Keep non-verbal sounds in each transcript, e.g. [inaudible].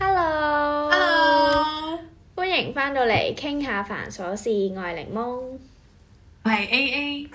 Hello，h e l l o 歡迎翻到嚟傾下煩瑣事，愛檸檬，我係是 A A。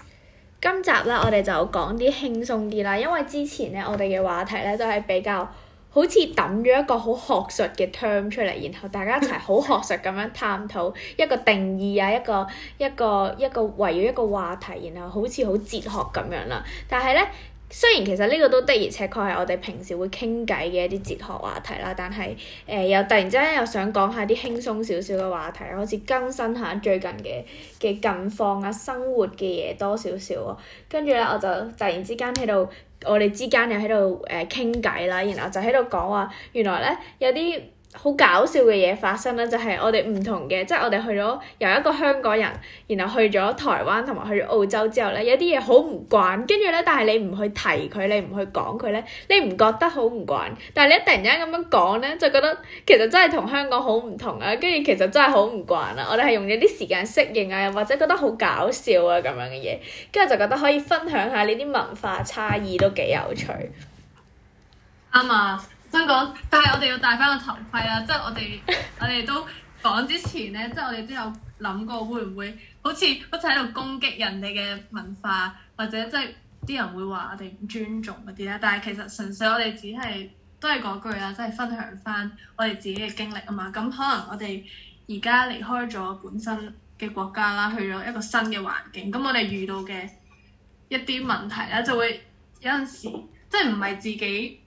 今集咧，我哋就講啲輕鬆啲啦，因為之前咧，我哋嘅話題咧都係比較好似揼咗一個好學術嘅 term 出嚟，然後大家一齊好學術咁樣探討一個定義啊， [laughs] 一個一個一個圍繞一個話題，然後好似好哲學咁樣啦。但係咧。雖然其實呢個都的而且確係我哋平時會傾偈嘅一啲哲學話題啦，但係誒、呃、又突然之間又想講下啲輕鬆少少嘅話題，好似更新下最近嘅嘅近況啊，生活嘅嘢多少少咯。跟住咧，我就突然之間喺度，我哋之間又喺度誒傾偈啦，然後就喺度講話，原來咧有啲好搞笑嘅嘢發生啦，就係我哋唔同嘅，即係我哋去咗由一個香港人，然後去咗台灣同埋去咗澳洲之後呢，有啲嘢好唔慣，跟住呢，但係你唔去提佢，你唔去講佢呢，你唔覺得好唔慣，但係你一突然間咁樣講呢，就覺得其實真係同香港好唔同啊，跟住其實真係好唔慣啊！我哋係用咗啲時間適應啊，或者覺得好搞笑啊咁樣嘅嘢，跟住就覺得可以分享下呢啲文化差異都幾有趣，啱啊！香港，但係我哋要戴翻個頭盔啊。即係 [laughs] 我哋，我哋都講之前咧，即係我哋都有諗過會唔會好似好似喺度攻擊人哋嘅文化，或者即係啲人會話我哋唔尊重嗰啲咧。但係其實純粹我哋只係都係嗰句啊，即係分享翻我哋自己嘅經歷啊嘛。咁可能我哋而家離開咗本身嘅國家啦，去咗一個新嘅環境，咁我哋遇到嘅一啲問題咧，就會有陣時即係唔係自己。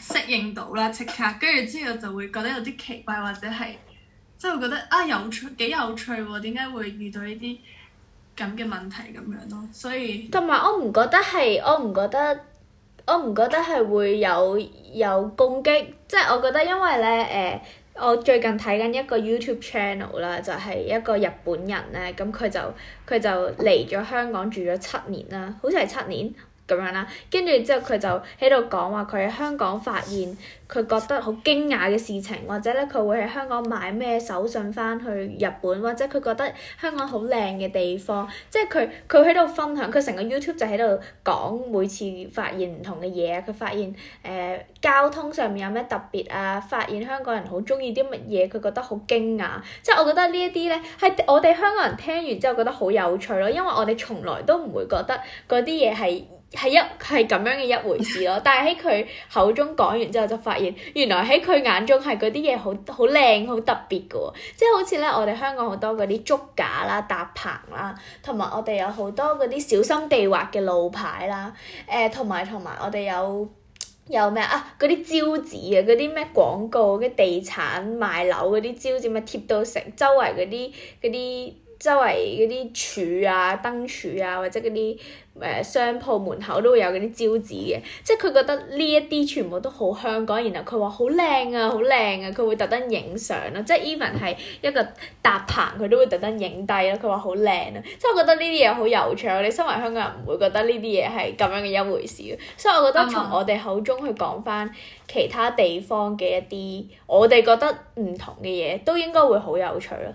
適應到啦，即刻跟住之後就會覺得有啲奇怪，或者係即係會覺得啊有趣，幾有趣喎？點解會遇到呢啲咁嘅問題咁樣咯？所以同埋我唔覺得係，我唔覺得，我唔覺得係會有有攻擊。即係我覺得，因為咧誒，呃，我最近睇緊一個 YouTube channel 啦，就係一個日本人咧，咁佢就佢就嚟咗香港住咗七年啦，好似係七年。咁樣啦，跟住之後佢就喺度講話佢喺香港發現佢覺得好驚訝嘅事情，或者咧佢會喺香港買咩手信翻去日本，或者佢覺得香港好靚嘅地方，即係佢佢喺度分享，佢成個 YouTube 就喺度講每次發現唔同嘅嘢，佢發現誒、呃、交通上面有咩特別啊，發現香港人好中意啲乜嘢，佢覺得好驚訝，即係我覺得呢一啲呢，係我哋香港人聽完之後覺得好有趣咯，因為我哋從來都唔會覺得嗰啲嘢係。係一係咁樣嘅一回事咯，但係喺佢口中講完之後，就發現原來喺佢眼中係嗰啲嘢好好靚、好特別㗎喎，即係好似咧我哋香港好多嗰啲竹架啦、搭棚啦，同埋我哋有好多嗰啲小心地畫嘅路牌啦，誒同埋同埋我哋有有咩啊嗰啲招紙啊，嗰啲咩廣告，啲地產賣樓嗰啲招紙咪貼到成周圍啲嗰啲。周圍嗰啲柱啊、燈柱啊，或者嗰啲誒商鋪門口都會有嗰啲招紙嘅，即係佢覺得呢一啲全部都好香港，然後佢話好靚啊、好靚啊，佢會特登影相咯。即係 even 係一個搭棚，佢都會特登影低咯。佢話好靚啊，即係我覺得呢啲嘢好有趣。我哋身為香港人唔會覺得呢啲嘢係咁樣嘅一回事，所以我覺得從我哋口中去講返其他地方嘅一啲我哋覺得唔同嘅嘢，都應該會好有趣咯。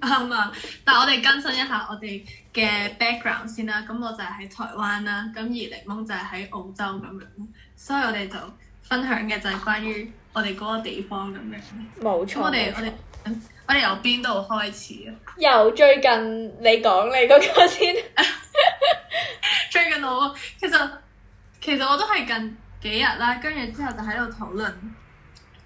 啱啊、 [laughs] 嗯！但係我哋更新一下我哋嘅 background 先啦。咁、嗯、我就喺台灣啦，咁而檸檬就係喺澳洲咁樣。所以我哋就分享嘅就係關於我哋嗰個地方咁樣。冇錯錯錯。我哋我哋我哋由邊度開始啊？由最近你講你嗰個先。 [laughs] 最近我其實其實我都係近幾日啦，跟住之後就喺度討論。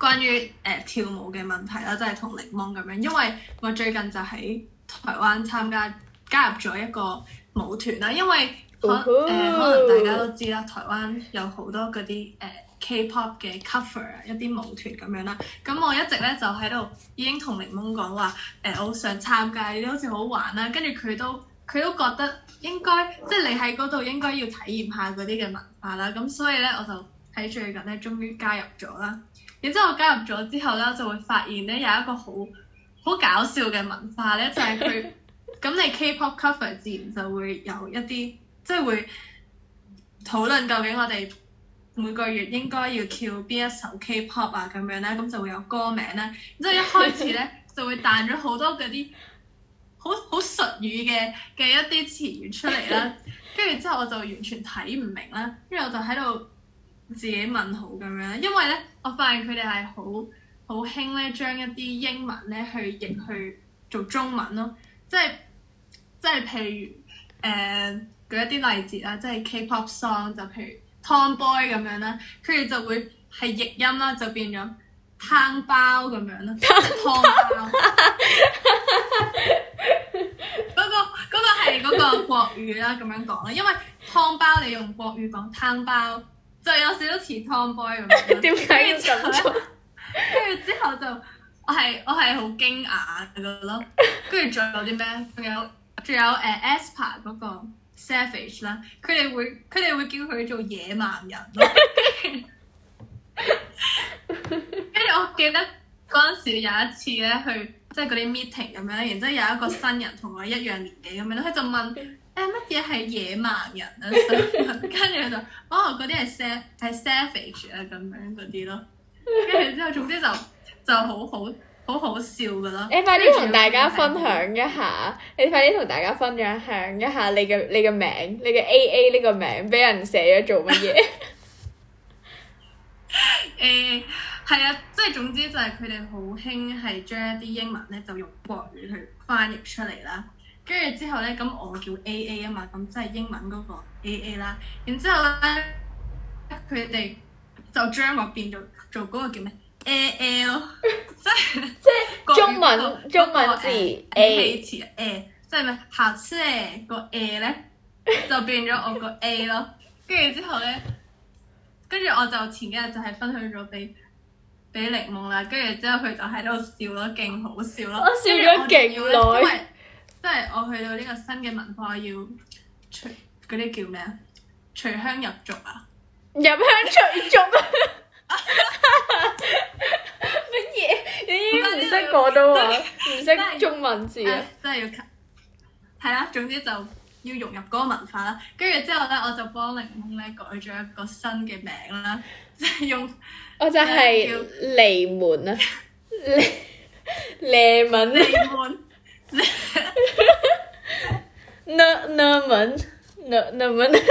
關於誒、呃、跳舞嘅問題啦，即係同檸檬咁樣，因為我最近就喺台灣參加加入咗一個舞團啦。因為誒可、Oho。呃、可能大家都知啦，台灣有好多嗰啲誒、呃、K-pop 嘅 cover 一啲舞團咁樣啦。咁我一直咧就喺度已經同檸檬講話誒，我想參加，你好似好玩啦、啊。跟住佢都佢都覺得應該即係你喺嗰度應該要體驗下嗰啲嘅文化啦。咁所以咧，我就喺最近咧，終於加入咗啦。然之後我加入咗之後咧，就會發現咧，有一個好好搞笑嘅文化咧，就係佢咁你 K-pop cover 自然就會有一啲即係會討論究竟我哋每個月應該要跳邊一首 K-pop 啊咁樣咧，咁就會有歌名啦。然之後一開始咧 [laughs] 就會彈咗好多嗰啲好好術語嘅嘅一啲詞語出嚟啦，跟住之後我就完全睇唔明啦，跟住我就喺度。自己問號咁樣因為咧，我發現佢哋係好好興咧，將一啲英文咧去譯去做中文咯，即係即係譬如誒舉、呃、一啲例子啦，即係 K-pop song 就譬如 Tomboy 咁樣啦，佢哋就會係譯音啦，就變咗湯包咁樣啦。湯 [laughs] 湯包。嗰、那個嗰個係嗰個國語啦，咁樣講啦，因為湯包你用國語講湯包。就有少少似 Tomboy 咁樣，點解？之後咧，跟住之後就我係我係好驚訝咯。跟住仲有啲咩？仲有仲有誒、呃、Aespa 嗰、嗰個 Savage 啦，佢哋會佢哋會叫佢做野蠻人。跟住我記得嗰陣時有一次咧，去即係嗰啲 meeting 咁樣，然之後有一個新人同我一樣年紀咁樣咧，佢就問。 [laughs] 誒，乜嘢係野蠻人啊？跟住佢就可能嗰啲係 sav 係 savage 啊，咁樣嗰啲咯。跟住之後，總之就就好好好好笑噶咯。你快啲同大家分享一下， [laughs] 你快啲同大家分享一下你嘅你嘅名，你嘅 A A 呢個名俾人寫咗做乜嘢？誒、 [laughs] [laughs] uh，係啊，即係總之就係佢哋好興係將一啲英文咧，就用國語去翻譯出嚟啦。跟住之後咧，咁我叫 A A 啊嘛，咁即係英文嗰個 A A 啦。然之後咧，佢哋就將我變咗做嗰個叫咩 A L， [laughs] 即係即係中文 [laughs] 道中文字 A 字 A，即係咩？下次咧個 A 咧就變咗我個 A 咯。跟住之後咧，跟住我就前幾日就係分享咗俾俾檸檬啦。跟住之後佢就喺度笑咯，勁好笑咯，我笑咗勁耐。即係我去到呢個新嘅文化要除嗰啲叫咩啊？除香入俗啊？入鄉隨俗啊？乜嘢、哎？你唔識廣東話，唔識 [laughs] 中文字啊？真係、哎、要係啦，總之就要融入嗰個文化啦。跟住之後咧，我就幫檸檬咧改咗一個新嘅名啦，即、就、係、是、用我就係檸檬啊，檸檬。咩？咩咩文？咩咩文？咩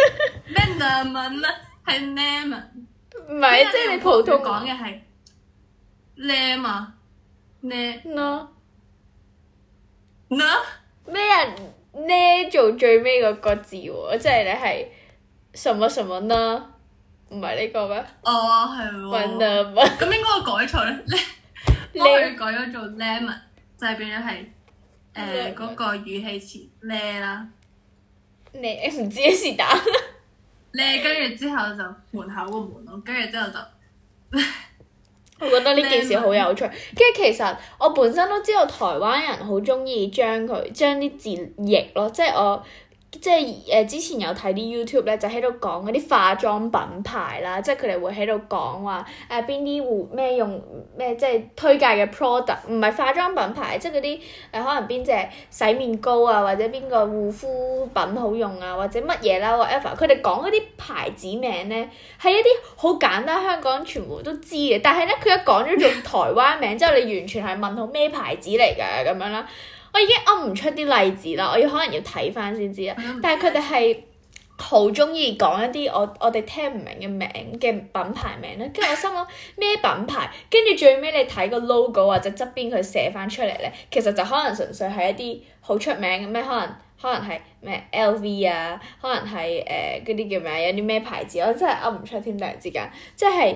咩文啦？係咩文？唔係，即係你普通話講嘅係咩文？咩？咩？咩人咩做最尾個個字？即係你係什麼什麼咩？唔係呢個咩？哦，係。咩文？咁應該我改錯咧，我去改咗做咩文，就係變咗係。誒嗰、呃、麼個語氣詞咩啦？你唔知事打，咧跟住之後就門口個門，跟住之後就，我覺得呢件事好有趣。跟住麼其實我本身都知道台灣人好鍾意將佢將啲字譯咯，即係我。即係誒、呃、之前有睇啲 YouTube 咧，就喺度講嗰啲化妝品牌啦，即係佢哋會喺度講話誒邊啲護咩用咩即係推介嘅 product，唔係化妝品牌，即係嗰啲誒可能邊隻洗面膏啊，或者邊個護膚品好用啊，或者乜嘢啦，whatever。佢哋講嗰啲牌子名咧，係一啲好簡單，香港全部都知嘅。但係咧，佢一講咗用台灣名 [laughs] 之後，你完全係問號咩牌子嚟㗎咁樣啦。我已經噏唔出啲例子啦，我要可能要睇翻先知啦。但係佢哋係好中意講一啲我我哋聽唔明嘅名嘅品牌名咧，跟住我心諗咩品牌？跟住最尾你睇個 logo 或者側邊佢寫翻出嚟咧，其實就可能純粹係一啲好出名嘅咩，可能可能係咩 LV 啊，可能係誒嗰啲叫咩有啲咩牌子，我真係噏唔出添，突然之間即係。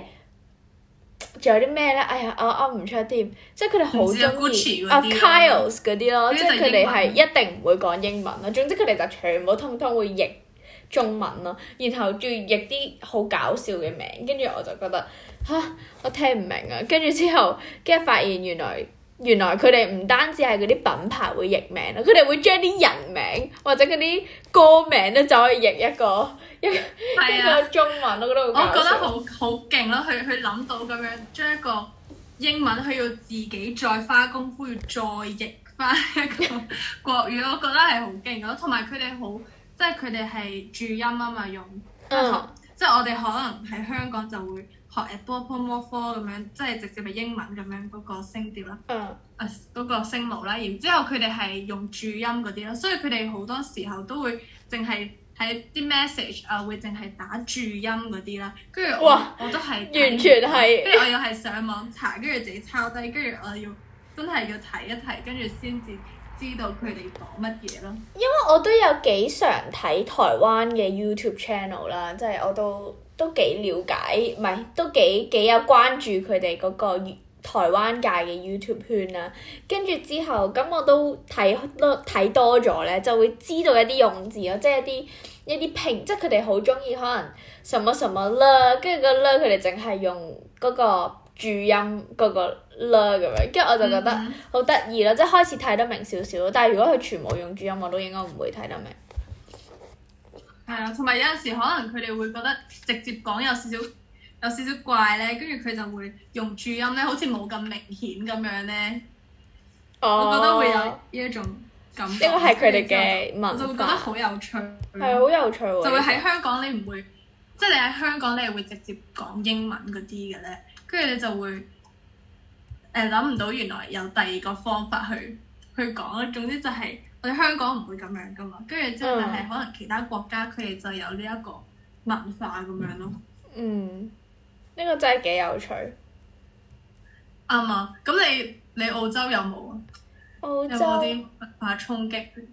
仲有啲咩咧？哎呀，我我唔出添，即係佢哋好中意啊，Kyles 嗰啲咯，即係佢哋係一定唔會講英文咯。總之佢哋就全部通通會譯中文咯，然後仲要譯啲好搞笑嘅名，跟住我就覺得吓，我聽唔明啊！跟住之後，跟住發現原來。原來佢哋唔單止係嗰啲品牌會譯名，佢哋會將啲人名或者嗰啲歌名就可以譯一個 [laughs] 一個一個中文咯。啊、我覺得好好勁咯，佢佢諗到咁樣將一個英文，佢要自己再花功夫要再譯翻一個國語，我覺得係好勁咯。同埋佢哋好即係佢哋係注音啊嘛，用、嗯、即係我哋可能喺香港就會。學誒波波摩科咁樣，即係直接咪英文咁樣嗰個聲調啦，嗯、啊嗰、嗰個聲母啦，然之後佢哋係用注音嗰啲啦，所以佢哋好多時候都會淨係喺啲 message 啊，會淨係打注音嗰啲啦，跟住我哇我都係完全係，跟住我又係上網查，跟住自己抄低，跟住我真要真係要睇一睇，跟住先至知道佢哋講乜嘢咯。因為我都有幾常睇台灣嘅 YouTube channel 啦，即、就、係、是、我都。都幾了解，唔係都幾幾有關注佢哋嗰個台灣界嘅 YouTube 圈啦、啊。跟住之後，咁我都睇多睇多咗咧，就會知道一啲用字咯，即係一啲一啲評，即係佢哋好鍾意可能什麼什麼啦。跟住個啦，佢哋淨係用嗰個注音嗰個啦咁樣，跟住我就覺得好得意咯。嗯、即係開始睇得明少少，但係如果佢全部用注音，我都應該唔會睇得明。係啊，同埋有陣時可能佢哋會覺得直接講有少少有少少怪咧，跟住佢就會用注音咧，好似冇咁明顯咁樣咧。Oh. 我覺得會有呢一種感覺。因為係佢哋嘅文，我就會覺得好有趣。係好有趣喎！就會喺香港你唔會，即係說你喺香港你係會直接講英文嗰啲嘅咧，跟住你就會誒諗唔到原來有第二個方法去去講啦。總之就係、是。你香港唔會咁樣㗎嘛，跟住之後但係可能其他國家佢哋就有呢一個文化咁樣咯、嗯。嗯，呢、呢個真係幾有趣。啱啊、嗯！咁你你澳洲有冇啊？澳洲啲文化衝擊。誒誒、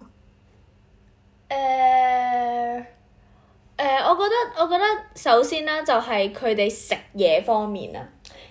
呃呃，我覺得我覺得首先咧，就係佢哋食嘢方面啊，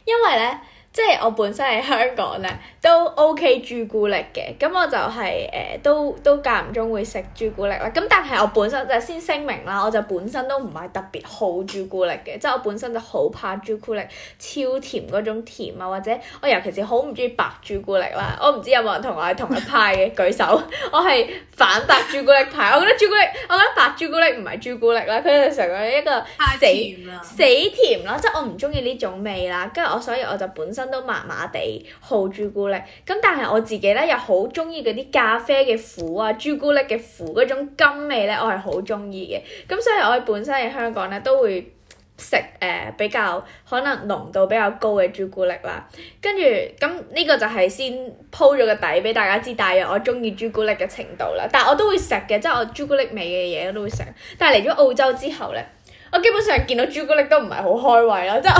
因為咧。即係我本身喺香港咧，都 O K 朱古力嘅，咁我就係、是、誒、呃、都都間唔中會食朱古力啦。咁但係我本身就先聲明啦，我就本身都唔係特別好朱古力嘅，即係我本身就好怕朱古力超甜嗰種甜啊，或者我尤其是好唔鍾意白朱古力啦。我唔知有冇人同我係同一派嘅？舉手。 [laughs] 我係反白朱古力派，我覺得朱古力，我覺得白朱古力唔係朱古力啦，佢成咗一個死甜死甜啦，即係我唔鍾意呢種味啦。跟住我所以我就本身。都麻麻地，好朱古力。咁但係我自己咧，又好中意嗰啲咖啡嘅苦啊，朱古力嘅苦嗰種甘味咧，我係好中意嘅。咁所以我本身喺香港咧，都會食誒、呃、比較可能濃度比較高嘅朱古力啦。跟住咁呢個就係先鋪咗個底俾大家知，大約我中意朱古力嘅程度啦。但係我都會食嘅，即係我朱古力味嘅嘢我都會食。但係嚟咗澳洲之後咧。我基本上見到朱古力都唔係好開胃啦，即係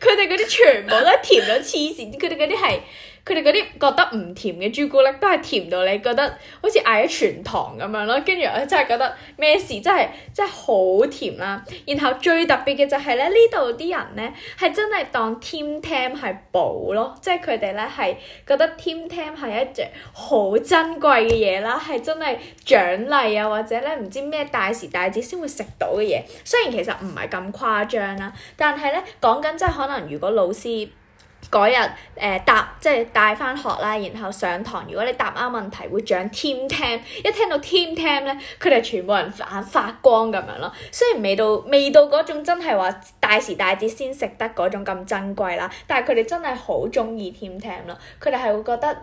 佢哋嗰啲全部都係甜咗黐線，佢哋嗰啲係。佢哋嗰啲覺得唔甜嘅朱古力都係甜到你覺得好似嗌咗全糖咁樣咯，跟住我真係覺得咩事真係真係好甜啦、啊。然後最特別嘅就係咧呢度啲人呢，係真係當 team team 係寶咯，即係佢哋呢，係覺得 team team 係一隻好珍貴嘅嘢啦，係真係獎勵啊，或者呢唔知咩大時大節先會食到嘅嘢。雖然其實唔係咁誇張啦，但係呢講緊即係可能如果老師。嗰日誒搭即係帶翻學啦，然後上堂，如果你答啱問題，會獎 Tim Tam。一聽到 Tim Tam 咧，佢哋全部人眼發光咁樣咯。雖然未到未到嗰種真係話大時大節先食得嗰種咁珍貴啦，但係佢哋真係好中意 Tim Tam 咯。佢哋係會覺得。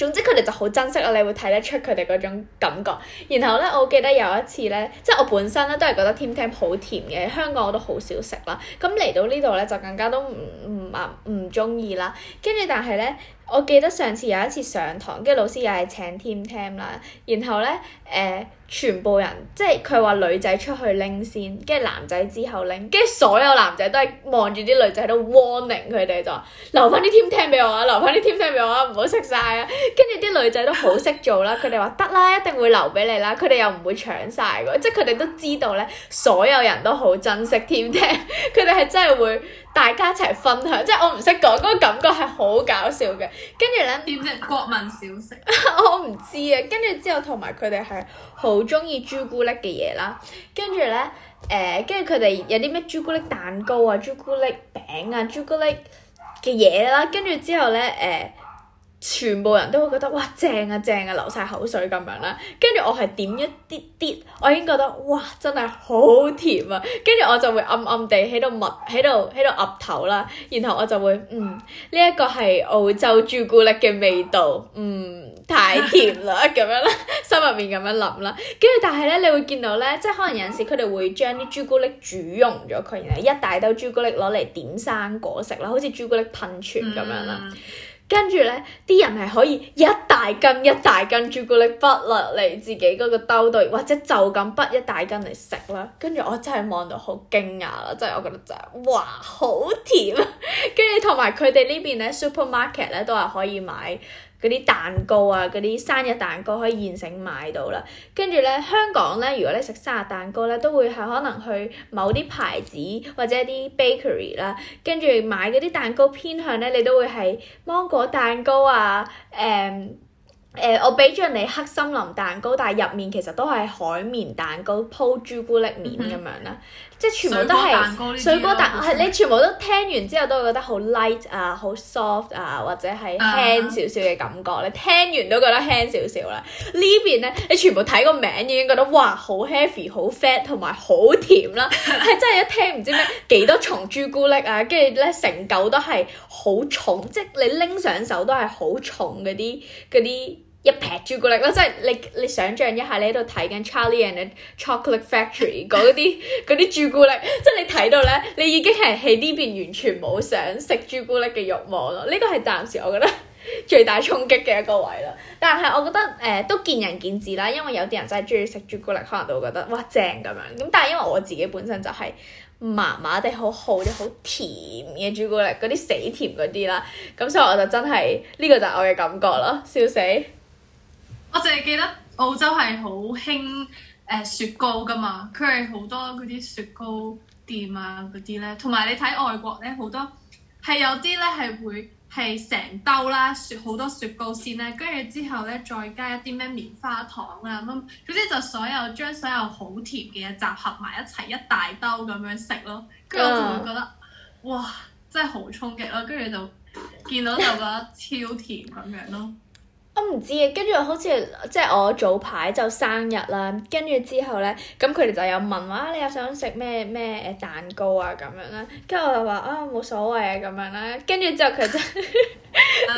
總之佢哋就好珍惜我，你會睇得出佢哋嗰種感覺。然後呢，我記得有一次呢，即係我本身咧都係覺得甜甜好甜嘅，香港我都好少食啦。咁嚟到呢度呢，就更加都唔唔啊唔中意啦。跟住但係呢。我記得上次有一次上堂，跟住老師又係請 team 聽啦，然後咧誒、呃，全部人即係佢話女仔出去拎先，跟住男仔之後拎，跟住所有男仔都係望住啲女仔喺度 warning 佢哋，就話留翻啲 team 聽俾我啊，留翻啲 team 聽俾我啊，唔好食曬啊！跟住啲女仔都好識做啦，佢哋話得啦，一定會留俾你啦，佢哋又唔會搶曬喎，即係佢哋都知道咧，所有人都好珍惜 team 聽，佢哋係真係會。大家一齊分享，即係我唔識講嗰個感覺係好搞笑嘅。跟住呢點啫？國民小食， [laughs] 我唔知啊。跟住之後同埋佢哋係好中意朱古力嘅嘢啦。跟住呢，誒、呃，跟住佢哋有啲咩朱古力蛋糕啊、朱古力餅啊、朱古力嘅嘢啦。跟住之後呢。誒、呃。全部人都會覺得，哇正啊，正啊，流晒口水咁樣啦，跟住我係點一啲啲，我已經覺得哇真係好甜啊，跟住我就會暗暗地喺度抹，喺度喺度岌頭啦，然後我就會嗯，呢一個係澳洲朱古力嘅味道，嗯，太甜啦咁樣啦，心入面咁樣諗啦，跟住但係咧你會見到咧，即係可能有陣時佢哋會將啲朱古力煮溶咗佢，然後一大兜朱古力攞嚟點生果食啦，好似朱古力噴泉咁樣啦。嗯跟住呢啲人係可以一大斤一大斤朱古力筆落嚟自己嗰個兜度，或者就咁筆一大斤嚟食啦。跟住我真係望到好驚訝啦，真係我覺得真係哇好甜啊！ [laughs] 跟住同埋佢哋呢邊 Super 呢 supermarket 呢都係可以買。嗰啲蛋糕啊，嗰啲生日蛋糕可以現成買到啦。跟住咧，香港咧，如果你食生日蛋糕咧，都會係可能去某啲牌子或者啲 bakery 啦。跟住買嗰啲蛋糕偏向咧，你都會係芒果蛋糕啊，誒、嗯、誒、嗯，我俾咗人哋黑森林蛋糕，但係入面其實都係海綿蛋糕鋪朱古力面咁樣啦。 [laughs] 即係全部都係水果蛋糕，係 [music] [music] 你全部都聽完之後都會覺得好 light 啊，好 soft 啊，或者係輕少少嘅感覺。Uh huh. 你聽完都覺得輕少少啦。呢邊呢，你全部睇個名已經覺得哇，好 heavy 很 et、好 fat 同埋好甜啦，係真係一聽唔知咩幾多重朱古力啊，跟住咧成嚿都係好重，即係你拎上手都係好重嗰啲嗰啲。一劈朱古力啦，即係你你想象一下，你喺度睇緊 Charlie and Chocolate Factory 嗰啲啲朱古力，即係你睇 [laughs] 到咧，你已經係喺呢邊完全冇想食朱古力嘅欲望咯。呢個係暫時我覺得最大衝擊嘅一個位啦。但係我覺得誒、呃、都見仁見智啦，因為有啲人真係中意食朱古力，可能都會覺得哇正咁樣。咁但係因為我自己本身就係麻麻地好好嘅、好甜嘅朱古力，嗰啲死甜嗰啲啦，咁所以我就真係呢、這個就我嘅感覺咯，笑死！我淨係記得澳洲係好興誒雪糕㗎嘛，佢係好多嗰啲雪糕店啊嗰啲咧，同埋你睇外國咧好多係有啲咧係會係成兜啦雪好多雪糕先咧，跟住之後咧再加一啲咩棉花糖啊，咁總之就所有將所有好甜嘅嘢集合埋一齊一大兜咁樣食咯，跟住 Yeah. 我就會覺得哇真係好衝擊咯，跟住就見到就覺得超甜咁樣咯。都唔知嘅，跟住好似即係我早排就生日啦，跟住之後咧，咁佢哋就有問話，啊，你又想食咩咩誒蛋糕啊咁樣啦，跟住我就話啊冇所謂啊咁樣啦，跟住 [laughs] ，uh, um. 之後佢就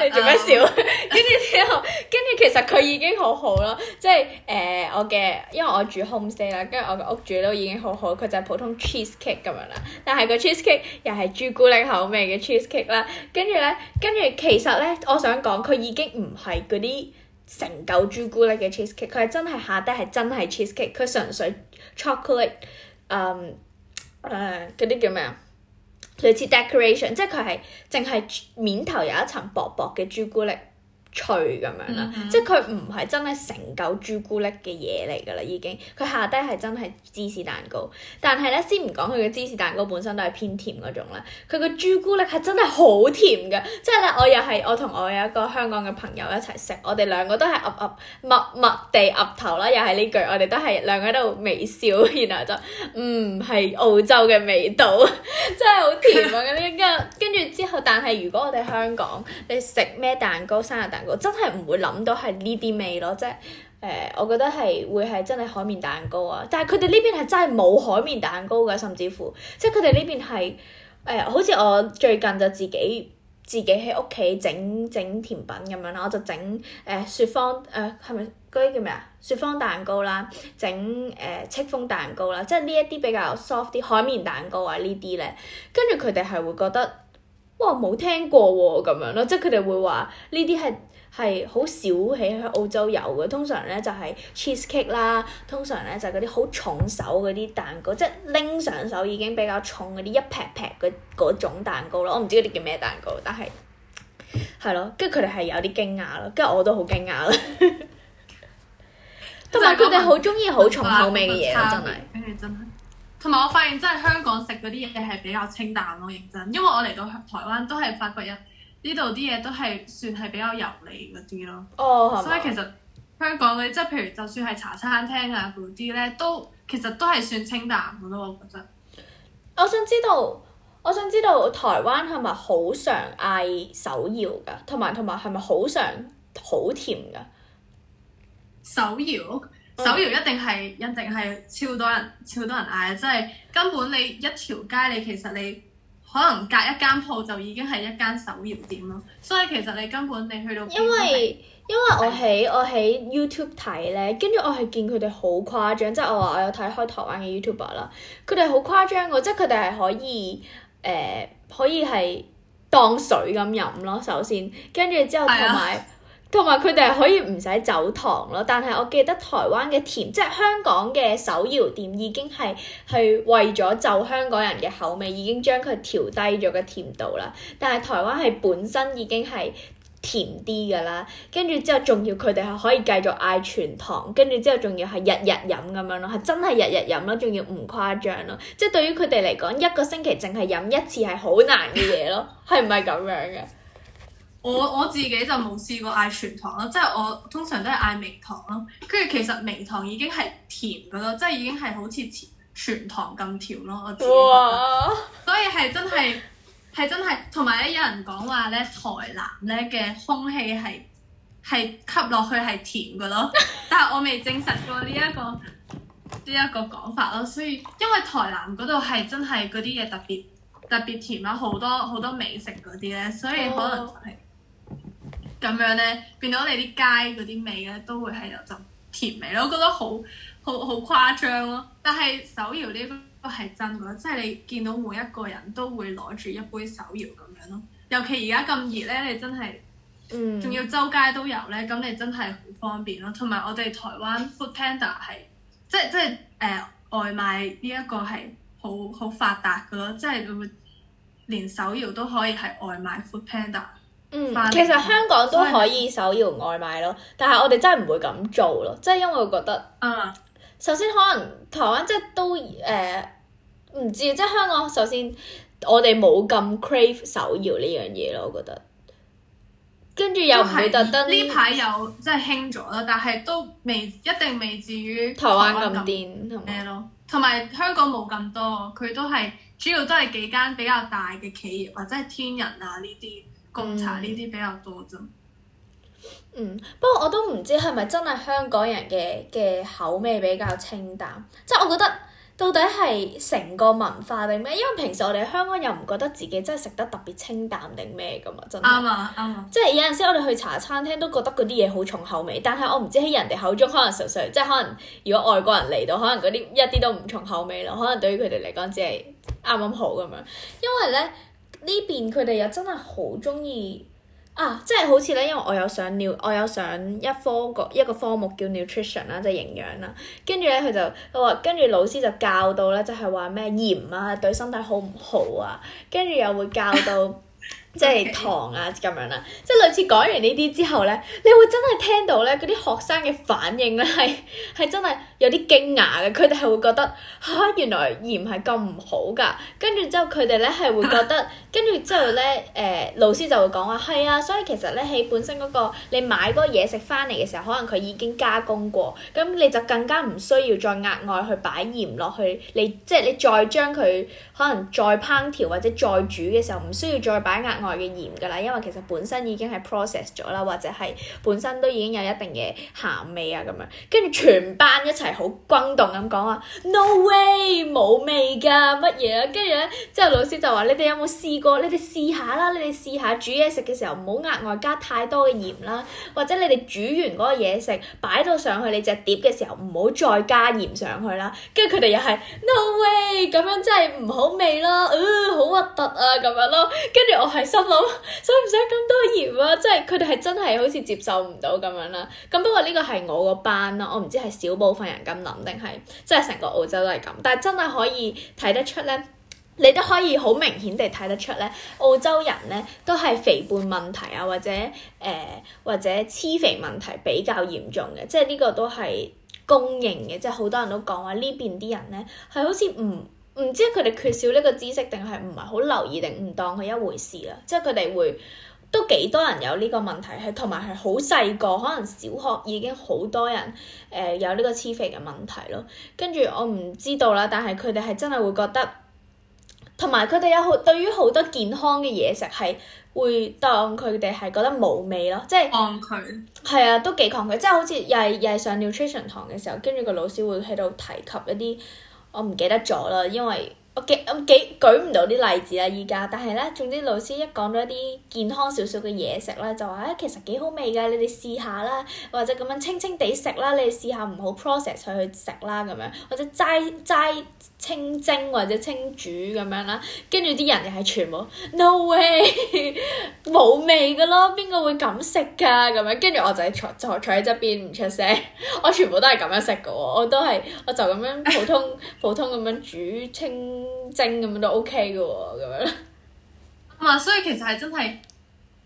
你做咩笑？跟住之後跟住其實佢已經好好啦，即係誒、呃、我嘅，因為我住 home stay 啦，跟住我嘅屋主都已經好好，佢就係普通 cheese cake 咁樣啦，但係個 cheese cake 又係朱古力口味嘅 cheese cake 啦，跟住咧，跟住其實咧，我想講佢已經唔係嗰啲。成嚿朱古力嘅 cheese cake，佢係真係下低係真係 cheese cake，佢純粹 chocolate，誒誒嗰啲叫咩啊？類似 decoration，即係佢係淨係面頭有一層薄薄嘅朱古力。脆咁樣啦，mm hmm. 即係佢唔係真係成嚿朱古力嘅嘢嚟㗎啦，已經佢下低係真係芝士蛋糕。但係咧，先唔講佢嘅芝士蛋糕本身都係偏甜嗰種啦，佢個朱古力係真係好甜㗎。即係咧，我又係我同我有一個香港嘅朋友一齊食，我哋兩個都係噏噏默默地噏頭啦，又係呢句，我哋都係兩個喺度微笑，然後就唔係、嗯、澳洲嘅味道， [laughs] 真係好甜啊！咁跟住之後，但係如果我哋香港，你食咩蛋糕，生日蛋糕？我真係唔會諗到係呢啲味咯，即係誒、呃，我覺得係會係真係海綿蛋糕啊！但係佢哋呢邊係真係冇海綿蛋糕噶，甚至乎，即係佢哋呢邊係誒，好似我最近就自己自己喺屋企整整甜品咁樣啦，我就整誒雪芳誒係咪嗰啲叫咩啊？雪芳、呃那個、蛋糕啦，整誒、呃、戚風蛋糕啦，即係呢一啲比較 soft 啲海綿蛋糕啊呢啲咧，跟住佢哋係會覺得哇冇聽過喎、啊、咁樣咯，即係佢哋會話呢啲係。係好少喺澳洲有嘅，通常咧就係 cheesecake 啦，通常咧就嗰啲好重手嗰啲蛋糕，即係拎上手已經比較重嗰啲一劈劈嗰種蛋糕咯。我唔知嗰啲叫咩蛋糕，但係係咯，跟住佢哋係有啲驚訝咯，跟住我都好驚訝咯。同埋佢哋好中意好重口味嘅嘢，真係。真係，同埋我發現真係香港食嗰啲嘢係比較清淡咯，認真。因為我嚟到台灣都係發覺有。呢度啲嘢都係算係比較油膩嗰啲咯，哦，所以其實香港嘅，即係譬如就算係茶餐廳啊嗰啲咧，都其實都係算清淡嘅咯。我覺得。我想知道，我想知道台灣係咪好常嗌手搖噶，同埋同埋係咪好常好甜噶？手搖手搖一定係一定係超多人超多人嗌，即係根本你一條街你其實你。可能隔一間鋪就已經係一間手搖店咯，所以其實你根本你去到，因為因為我喺我喺 YouTube 睇咧，跟住我係見佢哋好誇張，即係我話我有睇開台灣嘅 YouTuber 啦，佢哋好誇張嘅，即係佢哋係可以誒、呃、可以係當水咁飲咯，首先，跟住之後同埋。同埋佢哋係可以唔使走糖咯，但係我記得台灣嘅甜，即係香港嘅手搖店已經係去為咗就香港人嘅口味，已經將佢調低咗個甜度啦。但係台灣係本身已經係甜啲㗎啦，跟住之後仲要佢哋係可以繼續嗌全糖，跟住之後仲要係日日飲咁樣咯，係真係日日飲咯，仲要唔誇張咯，即係對於佢哋嚟講，一個星期淨係飲一次係好難嘅嘢咯，係唔係咁樣嘅？ [laughs] 我我自己就冇試過嗌全糖咯，即係我通常都係嗌微糖咯。跟住其實微糖已經係甜噶咯，即係已經係好似全糖咁甜咯。我知，哇所以係真係係真係，同埋咧有人講話咧，台南咧嘅空氣係係吸落去係甜噶咯，但係我未證實過呢、這、一個呢一、這個講法咯。所以因為台南嗰度係真係嗰啲嘢特別特別甜啦，好多好多美食嗰啲咧，所以可能係、就是。咁樣咧，變到你啲街嗰啲味咧，都會係有陣甜味咯。我覺得好好好誇張咯。但係手搖呢杯係真嘅，即係你見到每一個人都會攞住一杯手搖咁樣咯。尤其而家咁熱咧，你真係，嗯，仲要周街都有咧，咁你真係好方便咯。同埋我哋台灣 food panda 係，即係即係誒外賣呢一個係好好發達嘅咯，即係會連手搖都可以係外賣 food panda。嗯，其實香港都可以手搖外賣咯，以但係我哋真係唔會咁做咯，即係因為我覺得，啊、首先可能台灣即係都誒唔、呃、知，即係香港首先我哋冇咁 crave 手搖呢樣嘢咯，我覺得。跟住又係特登呢排有即係興咗啦，但係都未一定未至於台灣咁癲。咩、欸、咯？同埋香港冇咁多，佢都係主要都係幾間比較大嘅企業或者係天仁啊呢啲。貢茶呢啲比較多啫。嗯，不過我都唔知係咪真係香港人嘅嘅口味比較清淡，即係我覺得到底係成個文化定咩？因為平時我哋香港又唔覺得自己真係食得特別清淡定咩噶嘛，真係。啱啊，啱啊。即係有陣時我哋去茶餐廳都覺得嗰啲嘢好重口味，但係我唔知喺人哋口中可能純粹，即係可能如果外國人嚟到，可能嗰啲一啲都唔重口味咯。可能對於佢哋嚟講，只係啱啱好咁樣。因為咧。呢邊佢哋又真係好中意啊！即係好似咧，因為我有上 Nut 我有上一科個一個科目叫 Nutrition 啦，即係營養啦。跟住咧，佢就佢話，跟住老師就教到咧，即係話咩鹽啊對身體好唔好啊？跟住又會教到。 [laughs] 即係糖啊咁樣啦，即係類似講完呢啲之後呢，你會真係聽到呢嗰啲學生嘅反應咧，係係真係有啲驚訝嘅，佢哋係會覺得嚇，原來鹽係咁唔好㗎，跟住之後佢哋呢係會覺得，跟住之後呢，誒、 [laughs] 呃、老師就會講話係啊，所以其實呢，喺本身嗰、嗰個你買嗰個嘢食翻嚟嘅時候，可能佢已經加工過，咁你就更加唔需要再額外去擺鹽落去，你即係你再將佢。可能再烹調或者再煮嘅時候，唔需要再擺額外嘅鹽㗎啦，因為其實本身已經係 process 咗啦，或者係本身都已經有一定嘅鹹味啊咁樣。跟住全班一齊好轟動咁講啊，no way 冇味㗎乜嘢啊！跟住咧，之後老師就話：你哋有冇試過？你哋試下啦，你哋試下煮嘢食嘅時候唔好額外加太多嘅鹽啦，或者你哋煮完嗰個嘢食擺到上去你隻碟嘅時候，唔好再加鹽上去啦。跟住佢哋又係 no way，咁樣真係唔好。好味咯，嗯、呃，好核突啊，咁樣咯，跟住我係心諗使唔使咁多鹽啊？即係佢哋係真係好似接受唔到咁樣啦。咁不過呢個係我個班啦，我唔知係少部分人咁諗定係，即係成個澳洲都係咁。但係真係可以睇得出咧，你都可以好明顯地睇得出咧，澳洲人咧都係肥胖問題啊，或者誒、呃、或者癡肥問題比較嚴重嘅，即係呢個都係公認嘅，即係好多人都講話、啊、呢邊啲人咧係好似唔。唔知佢哋缺少呢個知識，定係唔係好留意，定唔當佢一回事啦？即係佢哋會都幾多人有呢個問題，係同埋係好細個，可能小學已經好多人誒、呃、有呢個癡肥嘅問題咯。跟住我唔知道啦，但係佢哋係真係會覺得，同埋佢哋有好對於好多健康嘅嘢食係會當佢哋係覺得冇味咯，即係抗拒。係他啊，都幾抗拒，即係好似又係又係上 nutrition 堂嘅時候，跟住個老師會喺度提及一啲。我唔記得咗啦，因為我，我，我幾我幾舉唔到啲例子啦而家，但係咧，總之老師一講到一啲健康少少嘅嘢食咧，就話啊、哎、其實幾好味㗎，你哋試下啦，或者咁樣清清地食啦，你哋試下唔好 process 佢去食啦咁樣，或者齋齋。清蒸或者清煮咁樣啦，跟住啲人又係全部 No way 冇 [laughs] 味噶咯，邊個會咁食噶？咁樣跟住我就坐坐坐喺側邊唔出聲，我全部都係咁樣食噶喎，我都係，我就咁樣普通 [laughs] 普通咁樣煮清蒸咁樣都 OK 噶喎，咁樣。啊、 [laughs] 嗯，所以其實係真係，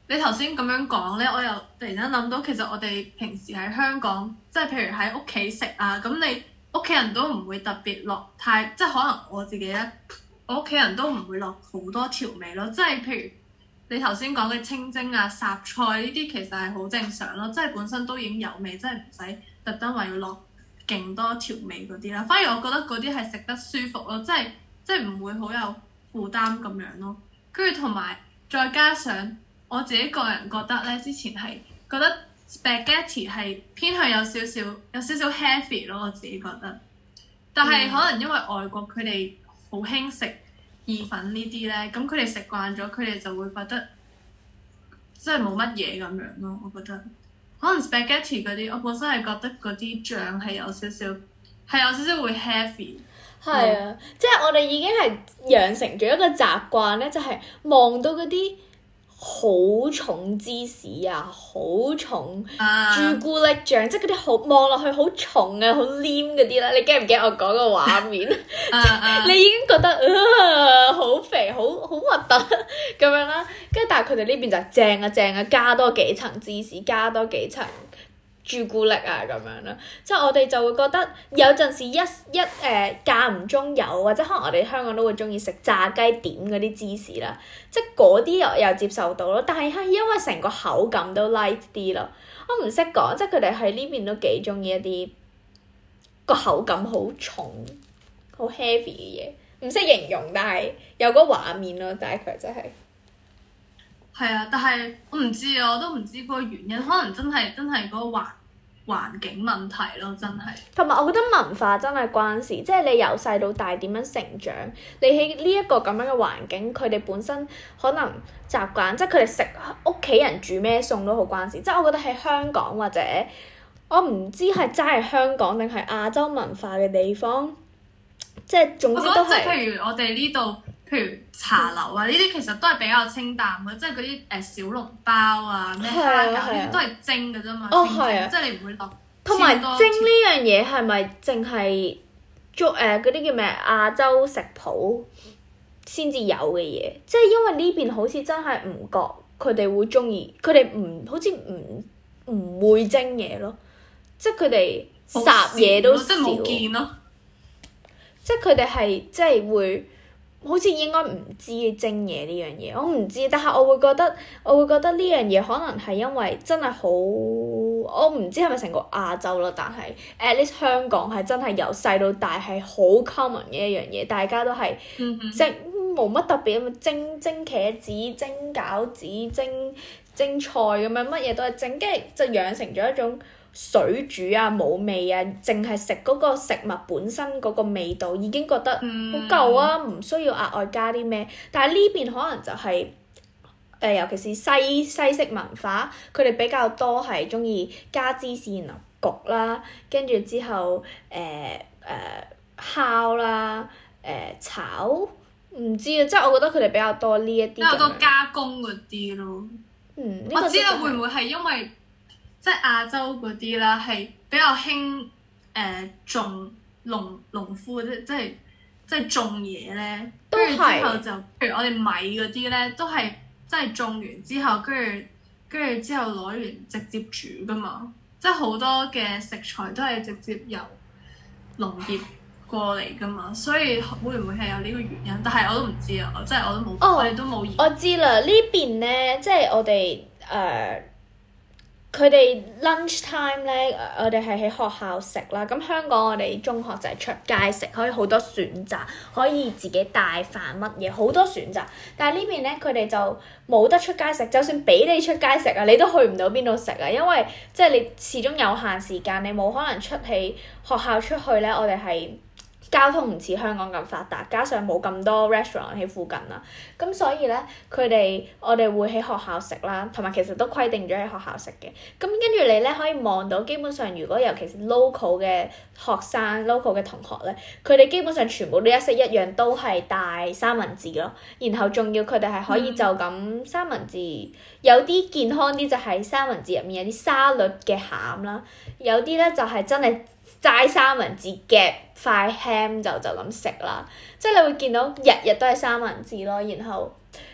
你頭先咁樣講咧，我又突然間諗到，其實我哋平時喺香港，即係譬如喺屋企食啊，咁你。屋企人都唔會特別落太，即係可能我自己咧，我屋企人都唔會落好多調味咯。即係譬如你頭先講嘅清蒸啊、雜菜呢啲，其實係好正常咯。即係本身都已經有味，即係唔使特登話要落勁多調味嗰啲啦。反而我覺得嗰啲係食得舒服咯，即係即係唔會好有負擔咁樣咯。跟住同埋再加上我自己個人覺得咧，之前係覺得。spaghetti 係偏向有少少有少少 heavy 咯，我自己覺得。但係可能因為外國佢哋好興食意粉呢啲咧，咁佢哋食慣咗，佢哋就會覺得真係冇乜嘢咁樣咯。我覺得可能 spaghetti 嗰啲，我本身係覺得嗰啲醬係有少少係有少少會 heavy。係啊，嗯、即係我哋已經係養成咗一個習慣咧，就係、是、望到嗰啲。好重芝士啊，好重，uh, 朱古力醬，即係嗰啲好望落去好重啊，好黏嗰啲啦，你驚唔驚我講個畫面？Uh, uh, [laughs] 你已經覺得，好、呃、肥，好好核突咁樣啦。跟住但係佢哋呢邊就正啊正啊，加多幾層芝士，加多幾層。朱古力啊，咁樣咯，即係我哋就會覺得有陣時一一誒、呃、間唔中有，或者可能我哋香港都會中意食炸雞點嗰啲芝士啦，即係嗰啲我又接受到咯。但係係因為成個口感都 light 啲咯，我唔識講，即係佢哋喺呢邊都幾中意一啲個口感好重、好 heavy 嘅嘢，唔識形容，但係有個畫面咯，大概就係。係啊，但係我唔知啊，我都唔知個原因，可能真係真係嗰個環、環境問題咯，真係。同埋我覺得文化真係關事，即係你由細到大點樣成長，你喺呢一個咁樣嘅環境，佢哋本身可能習慣，即係佢哋食屋企人煮咩餸都好關事。即係我覺得喺香港或者，我唔知係齋係香港定係亞洲文化嘅地方，即係總之都係。即係譬如我哋呢度。譬如茶樓啊，呢啲其實都係比較清淡嘅，即係嗰啲誒小籠包啊、咩花餃都係蒸嘅啫嘛。哦，係啊，即係、就是、你唔會落。同埋蒸呢樣嘢係咪淨係做誒嗰啲叫咩亞洲食譜先至有嘅嘢？即、就、係、是、因為呢邊好似真係唔覺佢哋會鍾意，佢哋唔好似唔唔會蒸嘢咯。即係佢哋烚嘢都少見。即係佢哋係即係會。好似應該唔知蒸嘢呢樣嘢，我唔知，但係我會覺得我會覺得呢樣嘢可能係因為真係好，我唔知係咪成個亞洲啦，但係 at least 香港係真係由細到大係好 common 嘅一樣嘢，大家都係蒸，冇乜特別咁蒸，蒸茄子、蒸餃子、蒸蒸菜咁樣，乜嘢都係蒸，跟住就養成咗一種。水煮啊，冇味啊，淨係食嗰個食物本身嗰個味道已經覺得好夠啊，唔、嗯、需要額外加啲咩。但係呢邊可能就係、是、誒、呃，尤其是西西式文化，佢哋比較多係中意加芝士啊焗啦，跟住之後誒誒、呃呃、烤啦，誒、呃、炒，唔知啊，即係我覺得佢哋比較多呢一啲比較多加工嗰啲咯。嗯，這個、我知道、就是、會唔會係因為？即係亞洲嗰啲啦，係比較興誒、呃、種農農夫，即即係即係種嘢咧。跟住是之後就，譬如我哋米嗰啲咧，都係即係種完之後，跟住跟住之後攞完直接煮㗎嘛。即係好多嘅食材都係直接由農業過嚟㗎嘛，所以會唔會係有呢個原因？但係我都唔知啊，我真係我都冇，oh, 我哋都冇。我知啦，邊呢邊咧，即、就、係、是、我哋誒。Uh, 佢哋 lunchtime 咧，我哋係喺學校食啦。咁香港我哋中學就係出街食，可以好多選擇，可以自己帶飯乜嘢，好多選擇。但係呢邊呢，佢哋就冇得出街食，就算俾你出街食啊，你都去唔到邊度食啊，因為即係、就是、你始終有限時間，你冇可能出喺學校出去呢。我哋係。交通唔似香港咁發達，加上冇咁多 restaurant 喺附近啊，咁所以呢，佢哋我哋會喺學校食啦，同埋其實都規定咗喺學校食嘅。咁跟住你呢，可以望到，基本上如果尤其是 local 嘅學生、local 嘅同學呢，佢哋基本上全部都一式一樣都係帶三文治咯。然後仲要佢哋係可以就咁三文治，有啲健康啲就係三文治入面 [music] 有啲沙律嘅餡啦，有啲呢就係真係齋三文治嘅。塊 ham 就就咁食啦，即係你會見到日日都係三文治咯，然後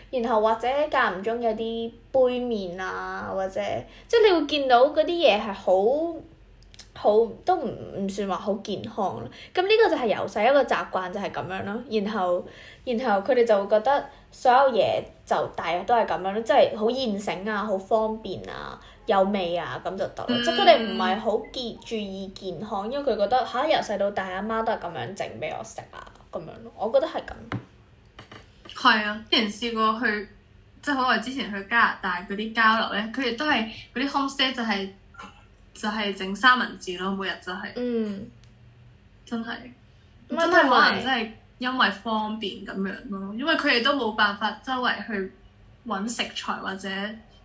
然後或者間唔中有啲杯麵啊，或者即係你會見到嗰啲嘢係好，好都唔唔算話好健康，咁呢個就係由細一個習慣就係咁樣咯，然後然後佢哋就會覺得所有嘢就大約都係咁樣咯，即係好現成啊，好方便啊。有味啊，咁就得咯。嗯、即係佢哋唔係好健注意健康，因為佢覺得吓由細到大，阿媽都係咁樣整俾我食啊，咁樣咯。我覺得係咁。係啊、嗯，之前試過去，即係好耐之前去加拿大嗰啲交流咧，佢哋都係嗰啲 host 就係、是、就係、是、整三文治咯，每日就係、是，嗯、真係的真係可能真係因為方便咁樣咯，因為佢哋都冇辦法周圍去揾食材或者。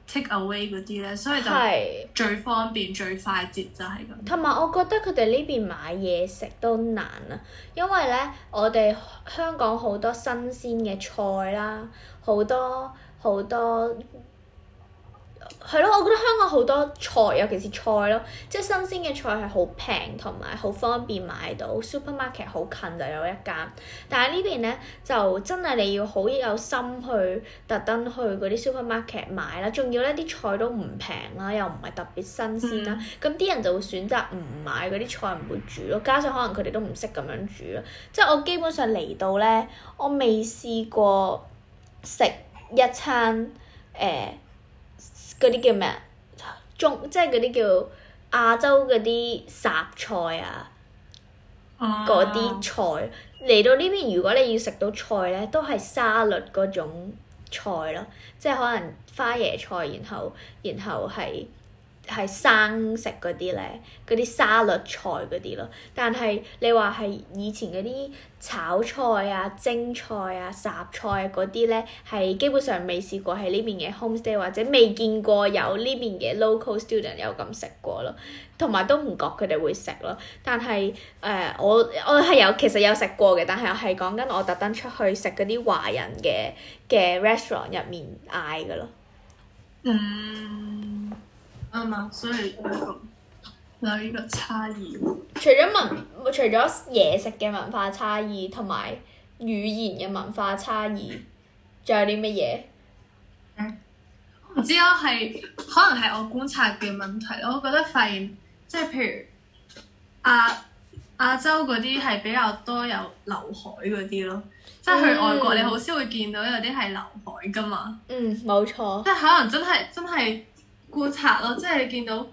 take away 嗰啲咧，所以就係最方便是最快捷就係咁。同埋我覺得佢哋呢邊買嘢食都難啊，因為咧我哋香港好多新鮮嘅菜啦，好多好多。係咯，我覺得香港好多菜，尤其是菜咯，即係新鮮嘅菜係好平同埋好方便買到，supermarket 好近就有一間。但係呢邊呢，就真係你要好有心去特登去嗰啲 supermarket 買啦，仲要呢啲菜都唔平啦，又唔係特別新鮮啦。咁啲、嗯、人就會選擇唔買嗰啲菜，唔會煮咯。加上可能佢哋都唔識咁樣煮咯。即係我基本上嚟到呢，我未試過食一餐誒。呃嗰啲叫咩啊？中即係嗰啲叫亞洲嗰啲雜菜啊，嗰啲、uh、菜嚟到呢邊，如果你要食到菜咧，都係沙律嗰種菜咯，即係可能花椰菜，然後然後係。係生食嗰啲咧，嗰啲沙律菜嗰啲咯。但係你話係以前嗰啲炒菜啊、蒸菜啊、雜菜嗰啲咧，係、啊、基本上未試過喺呢邊嘅 homestay 或者未見過有呢邊嘅 local student 有咁食過咯。同埋都唔覺佢哋會食咯。但係誒、呃，我我係有其實有食過嘅，但係係講緊我特登出去食嗰啲華人嘅嘅 restaurant 入面嗌㗎咯。嗯。啱嘛，所以有呢個差異。除咗文，除咗嘢食嘅文化差異，同埋語言嘅文化差異，仲有啲乜嘢？唔知啊，係可能係我觀察嘅問題。我覺得發現，即係譬如亞亞洲嗰啲係比較多有劉海嗰啲咯，即係去外國你好少會見到有啲係劉海㗎嘛。嗯，冇錯。即係可能真係真係。 [noise] 觀察咯，即係你見到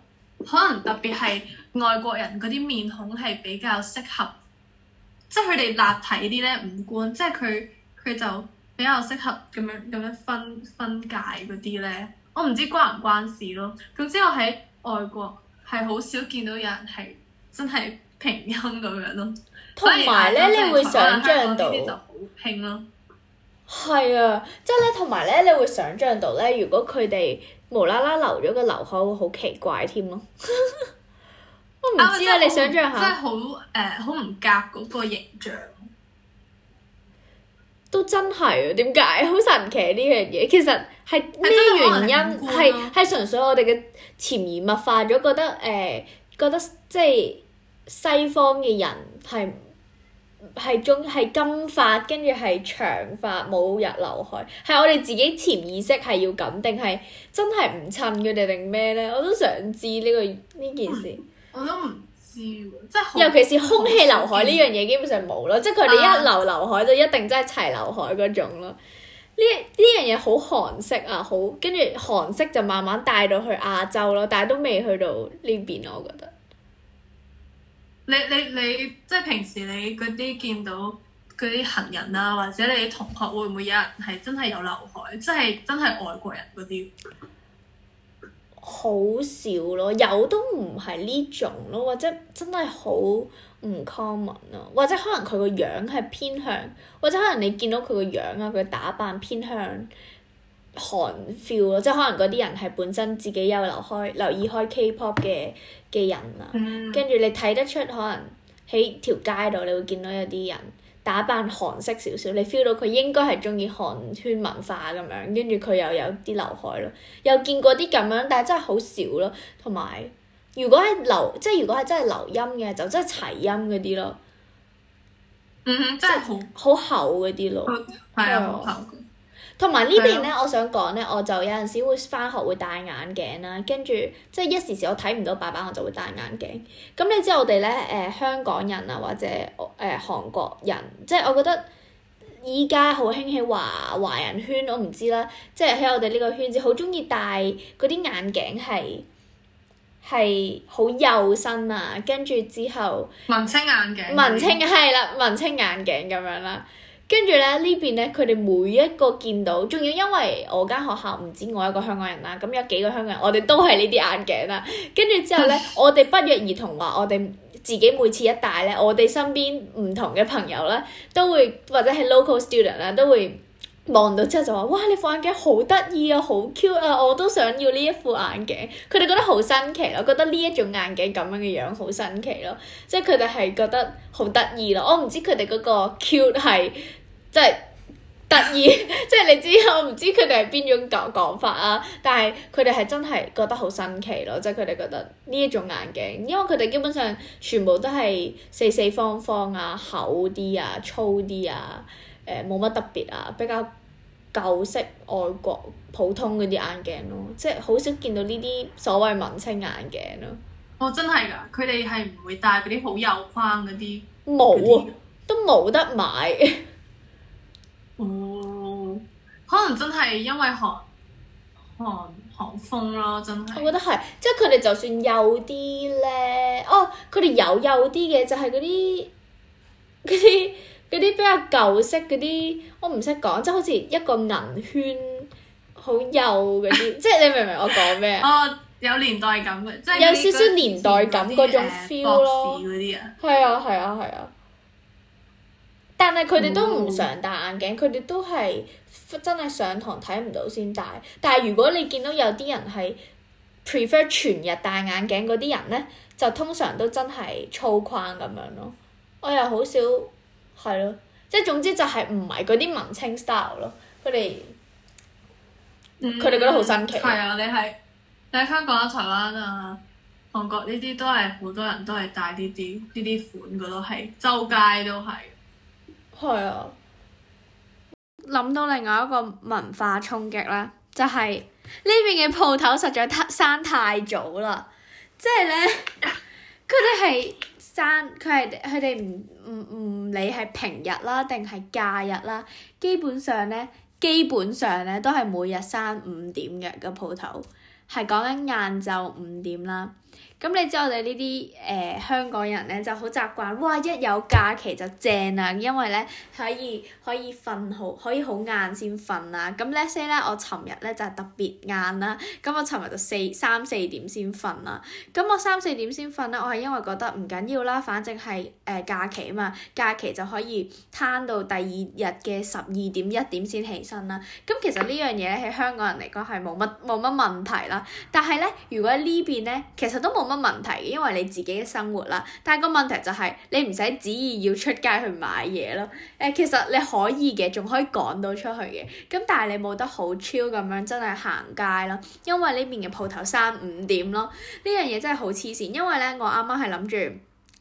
可能特別係外國人嗰啲面孔係比較適合，即係佢哋立體啲咧五官，即係佢佢就比較適合咁樣咁樣分分界嗰啲咧。我唔知關唔關事咯。總之我喺外國係好少見到有人係真係平音咁樣咯。同埋咧，你會想象到就好輕咯。係啊，即係咧，同埋咧，你會想象到咧，如果佢哋。無啦啦留咗個劉海會好奇怪添咯， [laughs] 我唔知啊！就是、你想像下，真係好誒，好唔夾嗰個形象，都真係啊！點解？好神奇呢樣嘢，其實係咩原因？係係、啊、純粹我哋嘅潛移默化咗，覺得誒、呃，覺得即係西方嘅人係。係中係金髮，跟住係長髮，冇日流海。係我哋自己潛意識係要咁，定係真係唔襯佢哋定咩呢？我都想知呢、呢個呢件事。嗯、我都唔知喎，即係。尤其是空氣流海呢樣嘢，基本上冇咯，嗯、即係佢哋一留流，流海就一定真係齊流海嗰種咯。呢呢樣嘢好韓式啊，好跟住韓式就慢慢帶到去亞洲咯，但係都未去到呢邊，我覺得。你你你，即係平時你嗰啲見到嗰啲行人啊，或者你同學會唔會有人係真係有劉海？即係真係外國人嗰啲，好少咯，有都唔係呢種咯，或者真係好唔 common 咯，或者可能佢個樣係偏向，或者可能你見到佢個樣啊，佢打扮偏向。韓 feel 咯，即係可能嗰啲人係本身自己有留開留意開 K-pop 嘅嘅人啦，跟住、嗯、你睇得出可能喺條街度你會見到有啲人打扮韓式少少，你 feel 到佢應該係中意韓圈文化咁樣，跟住佢又有啲留海咯，又見過啲咁樣，但係真係好少咯。同埋如果係留，即係如果係真係留音嘅，就真係齊音嗰啲咯。嗯哼，真係好好厚嗰啲咯，係啊。同埋呢邊咧，的我想講咧，我就有陣時會返學會戴眼鏡啦、啊，跟住即係一時時我睇唔到白板，我就會戴眼鏡。咁你知我哋咧，誒、呃、香港人啊，或者誒、呃、韓國人，即係我覺得依家好興起華華人圈，我唔知啦，即係喺我哋呢個圈子好鍾意戴嗰啲眼鏡係係好幼身啊，跟住之後文青眼鏡，文青係啦的，文青眼鏡咁樣啦。跟住咧呢邊咧，佢哋每一個見到，仲要因為我間學校唔止我一個香港人啦，咁、嗯、有幾個香港人，我哋都係呢啲眼鏡啦。跟住之後咧， [laughs] 我哋不約而同話，我哋自己每次一戴咧，我哋身邊唔同嘅朋友咧，都會或者係 local student 啦，都會。望到之後就話：哇！你副眼鏡好得意啊，好 cute 啊，我都想要呢一副眼鏡。佢哋覺得好新奇咯、啊，覺得呢一種眼鏡咁樣嘅樣好新奇咯、啊，即係佢哋係覺得好得意咯。我唔知佢哋嗰個 cute 係，就是、 [laughs] 即係得意，即係你知我唔知佢哋係邊種講講法啊？但係佢哋係真係覺得好新奇咯、啊，即係佢哋覺得呢一種眼鏡，因為佢哋基本上全部都係四四方方啊、厚啲啊、粗啲啊。誒冇乜特別啊，比較舊式外國普通嗰啲眼鏡咯，即係好少見到呢啲所謂文青眼鏡咯。哦，真係噶，佢哋係唔會戴嗰啲好幼框嗰啲，冇啊，都冇得買。哦，可能真係因為韓韓韓風啦，真係。我覺得係，即係佢哋就算幼啲咧，哦，佢哋幼幼啲嘅就係啲嗰啲。嗰啲比較舊式嗰啲，我唔識講，即係好似一個銀圈，好幼嗰啲， [laughs] 即係你明唔明我講咩啊、哦？有年代感嘅，即有少少年代感嗰種 feel 咯、uh，係啊係啊係啊！但係佢哋都唔常戴眼鏡，佢哋、嗯、都係真係上堂睇唔到先戴。但係如果你見到有啲人係 prefer 全日戴眼鏡嗰啲人呢，就通常都真係粗框咁樣咯。我又好少。係咯、啊，即係總之就係唔係嗰啲文青 style 咯，佢哋佢哋覺得好新奇、啊。係、嗯、啊，你喺，你喺香港、喺台灣啊、韓國呢啲都係好多人都係戴呢啲呢啲款嘅，都係周街都係。係啊。諗到另外一個文化衝擊啦，就係、係、呢邊嘅鋪頭實在太，生太早啦，即係咧，佢哋係。爭佢係佢哋唔唔唔理係平日啦定係假日啦，基本上咧，基本上咧都係每日三五點嘅嘅鋪頭，係講緊晏晝五點啦。咁你知我哋呢啲誒香港人咧就好習慣哇！一有假期就正啦，啊，因為咧可以可以瞓好，可以好晏先瞓啦。咁呢些咧，我尋日咧就係、是、特別晏啦。咁我尋日就四三四點先瞓啦。咁我三四點先瞓啦，我係因為覺得唔緊要啦，反正係誒、呃、假期啊嘛，假期就可以攤到第二日嘅十二點一點先起身啦。咁其實呢樣嘢咧喺香港人嚟講係冇乜冇乜問題啦。但係咧，如果喺呢邊咧，其實都冇乜。問題，因為你自己嘅生活啦。但係個問題就係、是、你唔使旨意要出街去買嘢咯。誒、呃，其實你可以嘅，仲可以趕到出去嘅。咁但係你冇得好 chill 咁樣，真係行街咯。因為呢邊嘅鋪頭三五點咯，呢樣嘢真係好黐線。因為呢我啱啱係諗住。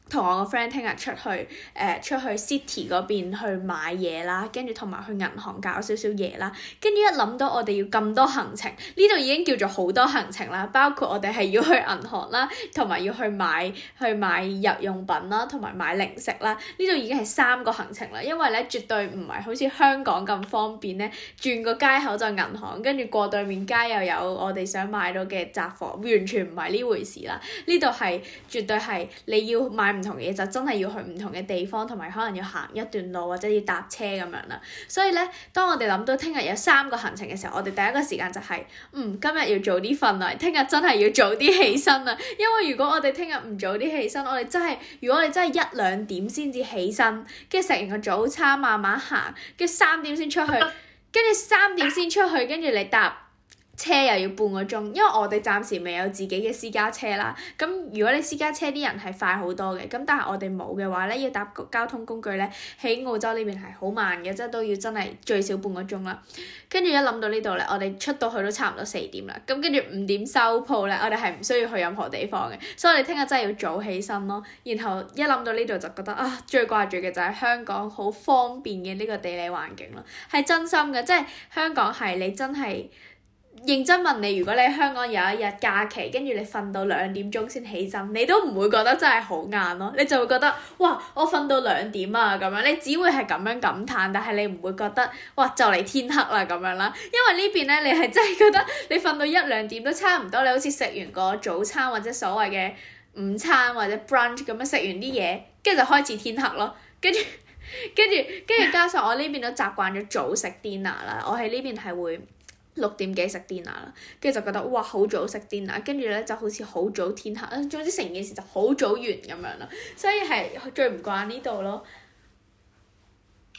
同我個 friend 聽日出去誒、呃，出去 city 嗰邊去買嘢啦，跟住同埋去銀行搞少少嘢啦。跟住一諗到我哋要咁多行程，呢度已經叫做好多行程啦。包括我哋係要去銀行啦，同埋要去買去買日用品啦，同埋買零食啦。呢度已經係三個行程啦，因為呢，絕對唔係好似香港咁方便呢，轉個街口就係銀行，跟住過對面街又有我哋想買到嘅雜貨，完全唔係呢回事啦。呢度係絕對係你要買。唔同嘢就真係要去唔同嘅地方，同埋可能要行一段路或者要搭車咁樣啦。所以呢，當我哋諗到聽日有三個行程嘅時候，我哋第一個時間就係、是、嗯，今日要早啲瞓啦。聽日真係要早啲起身啦，因為如果我哋聽日唔早啲起身，我哋真係如果我哋真係一兩點先至起身，跟住食完個早餐慢慢行，跟住三點先出去，跟住三點先出去，跟住你搭。車又要半個鐘，因為我哋暫時未有自己嘅私家車啦。咁如果你私家車啲人係快好多嘅，咁但係我哋冇嘅話呢，要搭交通工具呢，喺澳洲呢邊係好慢嘅，即係都要真係最少半個鐘啦。跟住一諗到呢度呢，我哋出到去都差唔多四點啦。咁跟住五點收鋪呢，我哋係唔需要去任何地方嘅，所以我哋聽日真係要早起身咯。然後一諗到呢度就覺得啊，最掛住嘅就係香港好方便嘅呢個地理環境咯，係真心嘅，即係香港係你真係。認真問你，如果你喺香港有一日假期，跟住你瞓到兩點鐘先起身，你都唔會覺得真係好晏咯，你就會覺得哇，我瞓到兩點啊咁樣，你只會係咁樣感嘆，但係你唔會覺得哇就嚟天黑啦咁樣啦，因為呢邊呢，你係真係覺得你瞓到一兩點都差唔多，你好似食完個早餐或者所謂嘅午餐或者 brunch 咁樣食完啲嘢，跟住就開始天黑咯，跟住跟住跟住加上我呢邊都習慣咗早食 dinner 啦，我喺呢邊係會。六點幾食 dinner 啦，跟住就覺得哇好早食 dinner，跟住咧就好似好早天黑啊，總之成件事就好早完咁樣啦，所以係最唔慣呢度咯。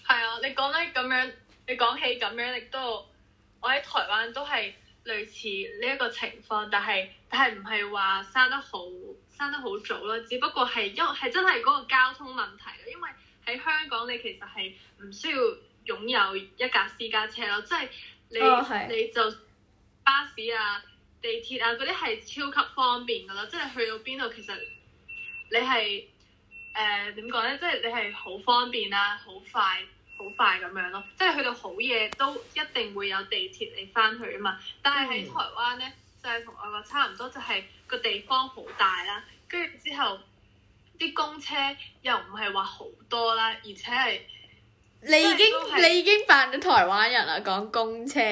係啊，你講咧咁樣，你講起咁樣亦都，我喺台灣都係類似呢一個情況，但係但係唔係話生得好生得好早咯，只不過係因為係真係嗰個交通問題，因為喺香港你其實係唔需要擁有一架私家車咯，即係。你你就巴士啊、地鐵啊嗰啲係超級方便噶咯，即係去到邊度其實你係誒點講咧？即係你係好方便啦、啊，好快好快咁樣咯。即係去到好夜都一定會有地鐵你返去啊嘛。但係喺台灣咧、嗯、就係同外國差唔多，就係個地方好大啦，跟住之後啲公車又唔係話好多啦，而且係。你已經是你已經扮咗台灣人啦，講公車。 [laughs]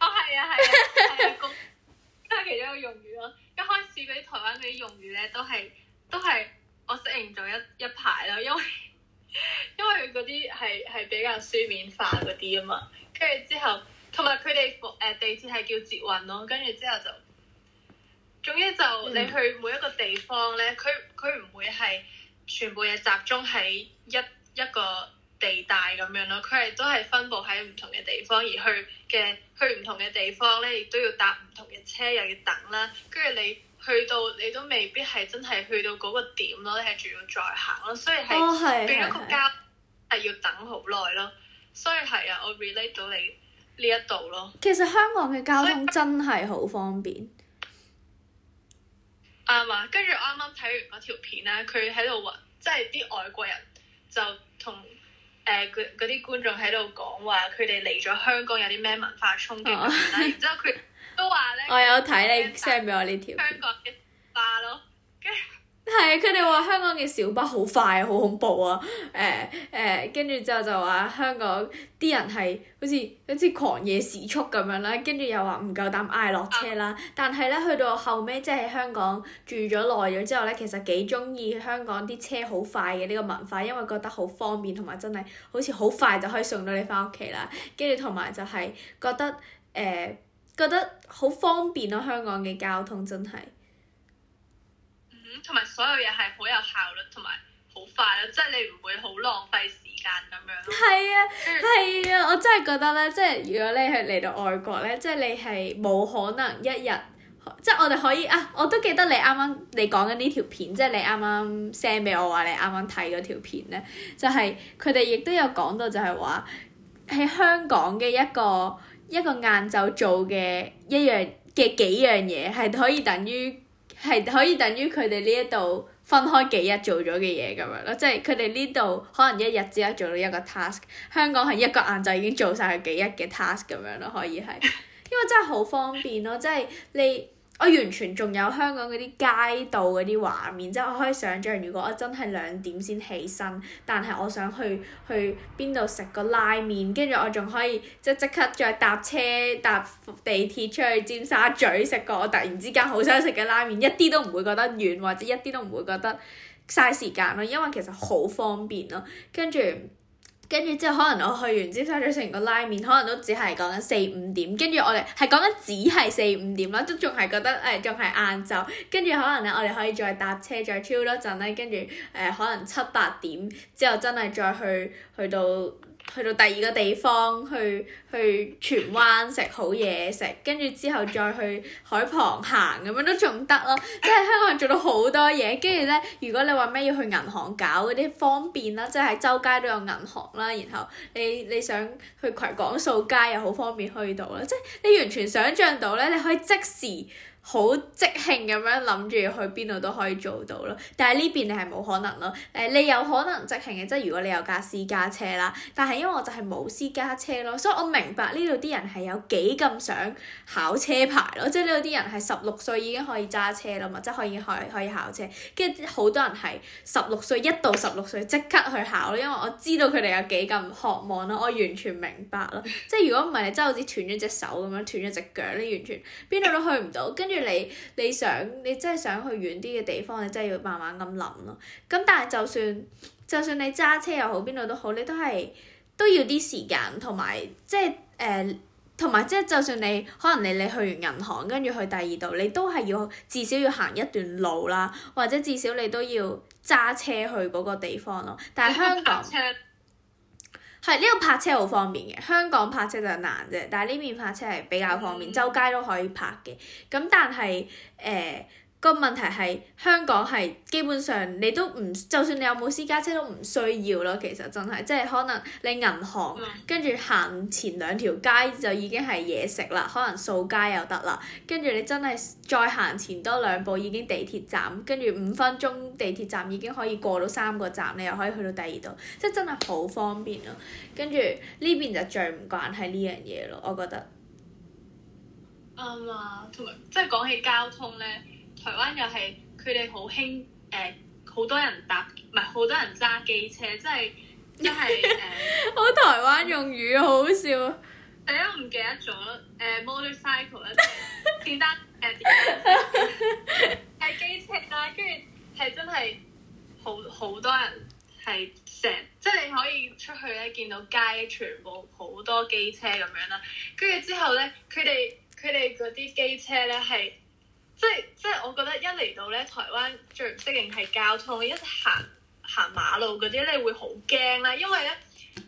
哦，係啊，係啊，係啊公，因為其中一他用語咯，一開始嗰啲台灣嗰啲用語咧都係都係我適應咗一一排啦，因為因為嗰啲係係比較書面化嗰啲啊嘛，跟住之後同埋佢哋誒地鐵係叫捷運咯，跟住之後就總之就你去每一個地方咧，佢佢唔會係全部嘢集中喺一，一個地帶咁樣咯，佢係都係分布喺唔同嘅地方，而去嘅去唔同嘅地方咧，亦都要搭唔同嘅車，又要等啦。跟住你去到，你都未必係真係去到嗰個點咯，你係仲要再行咯。所以係變咗個交係要等好耐咯。所以係啊，我 relate 到你呢一度咯。其實香港嘅交通以真係好方便，啱嘛？跟住啱啱睇完嗰條片咧，佢喺度話，即係啲外國人就。同誒佢嗰啲觀眾喺度講話，佢哋嚟咗香港有啲咩文化衝擊啦，oh. [laughs] 然之後，佢都話咧，我有睇你 send 俾我呢條香港嘅文化咯。Okay. 係啊，佢哋話香港嘅小巴好快啊，好恐怖啊！誒、哎、誒，跟住之後就話香港啲人係好似好似狂野時速咁樣啦，跟住又話唔夠膽嗌落車啦。但係咧，去到後尾，即係香港住咗耐咗之後咧，其實幾中意香港啲車好快嘅呢、呢個文化，因為覺得好方便同埋真係好似好快就可以送到你返屋企啦。跟住同埋就係覺得誒、呃、覺得好方便咯、啊，香港嘅交通真係。同埋所有嘢係好有效率，同埋好快咯，即係你唔會好浪費時間咁樣咯。係啊，係啊，嗯，啊，我真係覺得咧，即係如果你係嚟到外國咧，即係你係冇可能一日，即係我哋可以啊，我都記得你啱啱你講緊呢條片，即係你啱啱 send 俾我話你啱啱睇嗰條片咧，就係佢哋亦都有講到就，就係話喺香港嘅一個一個晏晝做嘅一樣嘅幾樣嘢係可以等於。係可以等於佢哋呢一度分開幾日做咗嘅嘢咁樣咯，即係佢哋呢度可能一日只係做到一個 task，香港係一個晏晝已經做晒佢幾日嘅 task 咁樣咯，可以係，因為真係好方便咯，即係你。我完全仲有香港嗰啲街道嗰啲畫面，即係我可以想象，如果我真係兩點先起身，但係我想去去邊度食個拉麵，跟住我仲可以即即刻再搭車搭地鐵出去尖沙咀食個我突然之間好想食嘅拉麵，一啲都唔會覺得遠或者一啲都唔會覺得嘥時間咯，因為其實好方便咯，跟住。跟住之後，可能我去完尖沙咀，食完個拉麵，可能都只係講緊四五點。跟住我哋係講緊只係四五點啦，都仲係覺得誒，仲係晏晝。跟住可能咧，我哋可以再搭車再超多陣咧。跟住誒，可能七八點之後，真係再去去到。去到第二個地方，去去荃灣食好嘢食，跟住之後再去海旁行，咁樣都仲得咯，即係香港人做到好多嘢。跟住呢，如果你話咩要去銀行搞嗰啲方便啦，即係喺周街都有銀行啦，然後你你想去葵廣掃街又好方便去到啦，即係你完全想像到呢，你可以即時。好即興咁樣諗住去邊度都可以做到咯，但係呢邊你係冇可能咯。誒、呃，你有可能即興嘅，即係如果你有架私家車啦，但係因為我就係冇私家車咯，所以我明白呢度啲人係有幾咁想考車牌咯，即係呢度啲人係十六歲已經可以揸車啦嘛，即係可以可以，可以考車，跟住好多人係十六歲一到十六歲即刻去考咯，因為我知道佢哋有幾咁渴望咯，我完全明白咯。即係如果唔係你真係好似斷咗隻手咁樣，斷咗隻腳，你完全邊度都去唔到，跟住。你你想你真係想去遠啲嘅地方，你真係要慢慢咁諗咯。咁但係就算就算你揸車又好，邊度都好，你都係都要啲時間同埋即係誒，同埋即係就算你可能你你去完銀行跟住去第二度，你都係要至少要行一段路啦，或者至少你都要揸車去嗰個地方咯。但係香港。 [laughs] 係呢度泊車好方便嘅，香港泊車就難啫，但係呢邊泊車係比較方便，周街都可以泊嘅，咁但係誒。呃個問題係香港係基本上你都唔，就算你有冇私家車都唔需要咯。其實真係即係可能你銀行、嗯、跟住行前兩條街就已經係嘢食啦，可能掃街又得啦。跟住你真係再行前多兩步已經地鐵站，跟住五分鐘地鐵站已經可以過到三個站，你又可以去到第二度，即係真係好方便咯。跟住呢邊就最唔慣係呢樣嘢咯，我覺得。啱啊，嗯，同埋即係講起交通咧。台灣又係佢哋好興，誒好、呃、多人搭唔係好多人揸機車，即係即係誒。呃、 [laughs] 我台灣用語好笑。大家唔記得咗，誒、呃、motorcycle 啦、 [laughs] 呃，電單誒電單，係 [laughs] 機車啦，跟住係真係好好多人係成，即係 [laughs] 你可以出去咧，見到街全部好多機車咁樣啦。跟住之後咧，佢哋佢哋嗰啲機車咧係。即係即係，我覺得一嚟到咧台灣最唔適應係交通，一行行馬路嗰啲咧會好驚啦，因為咧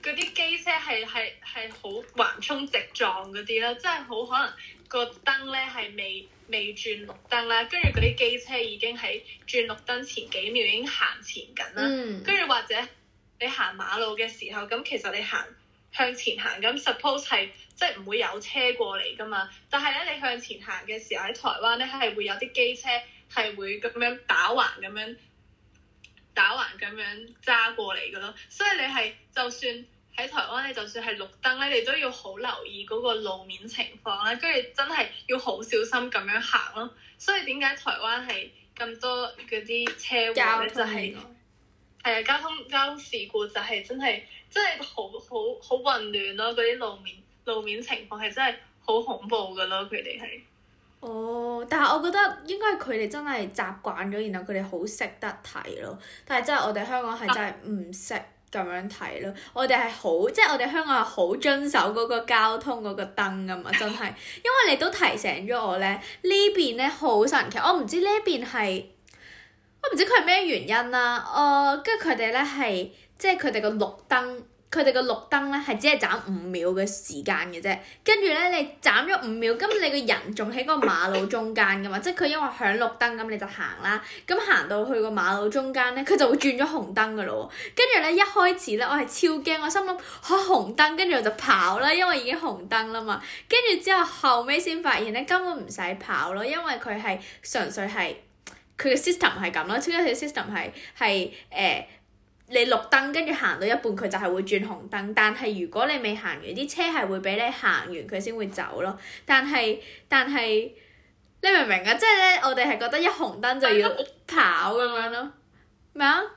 嗰啲機車係係係好橫衝直撞嗰啲啦，即係好可能個燈咧係未未轉綠燈啦，跟住嗰啲機車已經喺轉綠燈前幾秒已經行前緊啦，跟住、嗯、或者你行馬路嘅時候，咁其實你行向前行咁 suppose 係。即係唔會有車過嚟噶嘛，但係咧你向前行嘅時候喺台灣咧係會有啲機車係會咁樣打橫咁樣打橫咁樣揸過嚟噶咯，所以你係就算喺台灣你就算係綠燈，你都要好留意嗰個路面情況啦，跟住真係要好小心咁樣行咯。所以點解台灣係咁多嗰啲車禍咧？交通。就係係啊，交通交通事故就係真係真係好好好混亂咯，嗰啲路面。路面情況係真係好恐怖噶咯，佢哋係。哦，Oh, 但係我覺得應該佢哋真係習慣咗，然後佢哋好識得睇咯。但係真係我哋香港係真係唔識咁樣睇咯。Oh. 我哋係好，即係我哋香港係好遵守嗰個交通嗰個燈啊嘛，真係。 [laughs] 因為你都提醒咗我咧，呢邊咧好神奇，我、哦、唔知呢邊係，我唔知佢係咩原因啦、啊。哦，跟住佢哋咧係，即係佢哋個綠燈。佢哋個綠燈咧係只係斬五秒嘅時間嘅啫，跟住咧你斬咗五秒，咁你個人仲喺個馬路中間噶嘛？即係佢因為響綠燈咁，你就行啦。咁行到去個馬路中間咧，佢就會轉咗紅燈噶咯。跟住咧一開始咧，我係超驚，我心諗可、哦、紅燈，跟住我就跑啦，因為已經紅燈啦嘛。跟住之後後尾先發現咧，根本唔使跑咯，因為佢係純粹係佢嘅 system 係咁啦，超級似 system 係係誒。你綠燈跟住行到一半，佢就係會轉紅燈。但係如果你未行完，啲車係會俾你行完佢先會走咯。但係但係，你明唔明啊？即係咧，我哋係覺得一紅燈就要跑咁樣咯。咩啊 [laughs] 麼？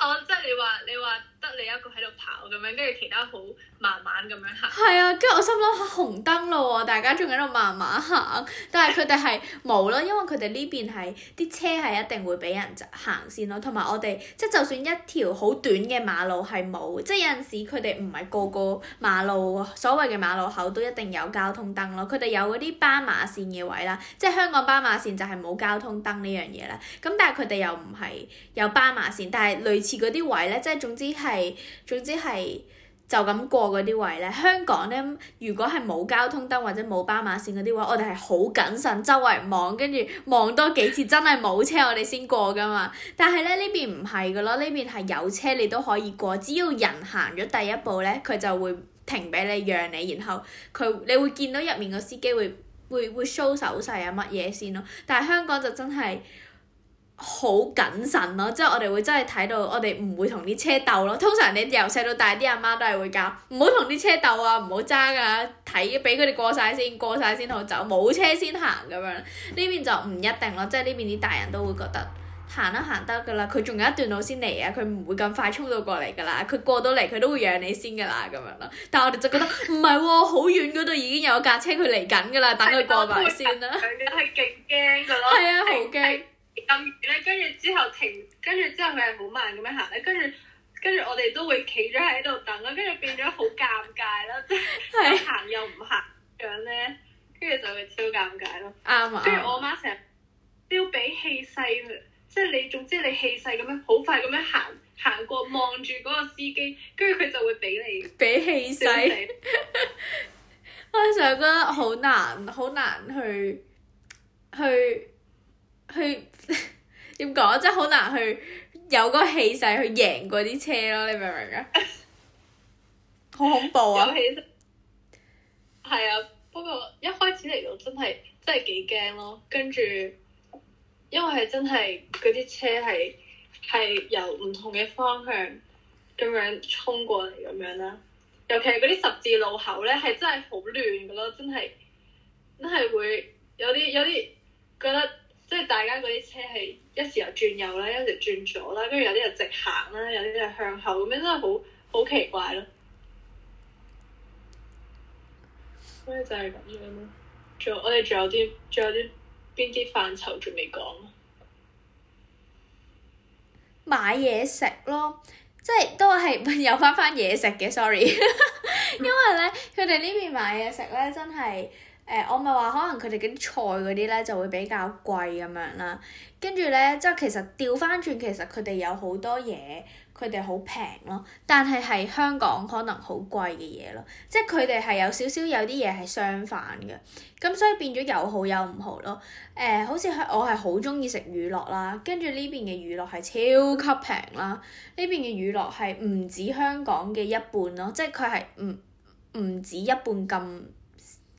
我，即係你話你話得你一個喺度跑咁樣，跟住其他好。慢慢咁樣行，係啊！跟住我心諗嚇紅燈咯喎，大家仲喺度慢慢行，但係佢哋係冇咯，因為佢哋呢邊係啲車係一定會俾人行先咯，同埋我哋即係就算一條好短嘅馬路係冇，即係有陣時佢哋唔係個個馬路所謂嘅馬路口都一定有交通燈咯，佢哋有嗰啲斑馬線嘅位啦，即係香港斑馬線就係冇交通燈呢樣嘢啦。咁但係佢哋又唔係有斑馬線，但係類似嗰啲位呢，即係總之係總之係。就咁過嗰啲位呢，香港呢，如果係冇交通燈或者冇斑馬線嗰啲話，我哋係好謹慎，周圍望跟住望多幾次，真係冇車我哋先過㗎嘛。但係咧，呢邊唔係㗎囉，呢邊係有車你都可以過，只要人行咗第一步呢，佢就會停俾你讓你，然後佢你會見到入面個司機會會會 show 手勢啊乜嘢先囉。但係香港就真係。好謹慎咯，即係我哋會真係睇到，我哋唔會同啲車鬥咯。通常你由細到大啲阿媽，媽都係會教，唔好同啲車鬥啊，唔好揸㗎，睇俾佢哋過晒先，過晒先好走，冇車先行咁樣。呢邊就唔一定咯，即係呢邊啲大人都會覺得行得行得㗎啦，佢仲有一段路先嚟啊，佢唔會咁快衝到過嚟㗎啦，佢過到嚟佢都會讓你先㗎啦咁樣咯。但係我哋就覺得唔係喎，好、 [laughs] 哦、遠嗰度已經有架車佢嚟緊㗎啦，等佢過埋先啦。係勁驚㗎咯，係啊，好驚。跟住咧，跟住之後停，跟住之後佢係好慢咁樣行咧。跟住跟住，我哋都會企咗喺度等啦。跟住變咗好尷尬啦，即係行又唔行咁咧。跟住就會超尷尬咯。啱啊！跟住我媽成日要俾氣勢，即係你總之你氣勢咁樣好快咁樣行行過，望住嗰個司機，跟住佢就會俾你俾氣勢。我陣時覺得好難，好難去去去。去去點講？ [laughs] 即係好難去有嗰個氣勢去贏過啲車咯，你明唔明啊？好 [laughs] 恐怖啊！係啊，不過一開始嚟到真係真係幾驚咯。跟住，因為係真係嗰啲車係係由唔同嘅方向咁樣衝過嚟咁樣啦。尤其係嗰啲十字路口咧，係真係好亂噶咯，真係真係會有啲有啲覺得。即係大家嗰啲車係一時又轉右啦，一時轉左啦，跟住有啲又直行啦，有啲又向後咁樣，真係好好奇怪咯。所、嗯、以就係、是、咁樣咯。仲我哋仲有啲，仲有啲邊啲範疇仲未講？買嘢食咯，即係都係有翻翻嘢食嘅。sorry， [laughs] 因為咧佢哋呢、嗯、邊買嘢食咧，真係。誒、呃、我咪話可能佢哋嗰啲菜嗰啲咧就會比較貴咁樣啦，跟住咧即係其實調翻轉，其實佢哋有好多嘢佢哋好平咯，但係係香港可能好貴嘅嘢咯，即係佢哋係有少少有啲嘢係相反嘅，咁所以變咗有好有唔好咯。誒、呃、好似我係好中意食乳酪啦，跟住呢邊嘅乳酪係超級平啦，呢邊嘅乳酪係唔止香港嘅一半咯，即係佢係唔唔止一半咁。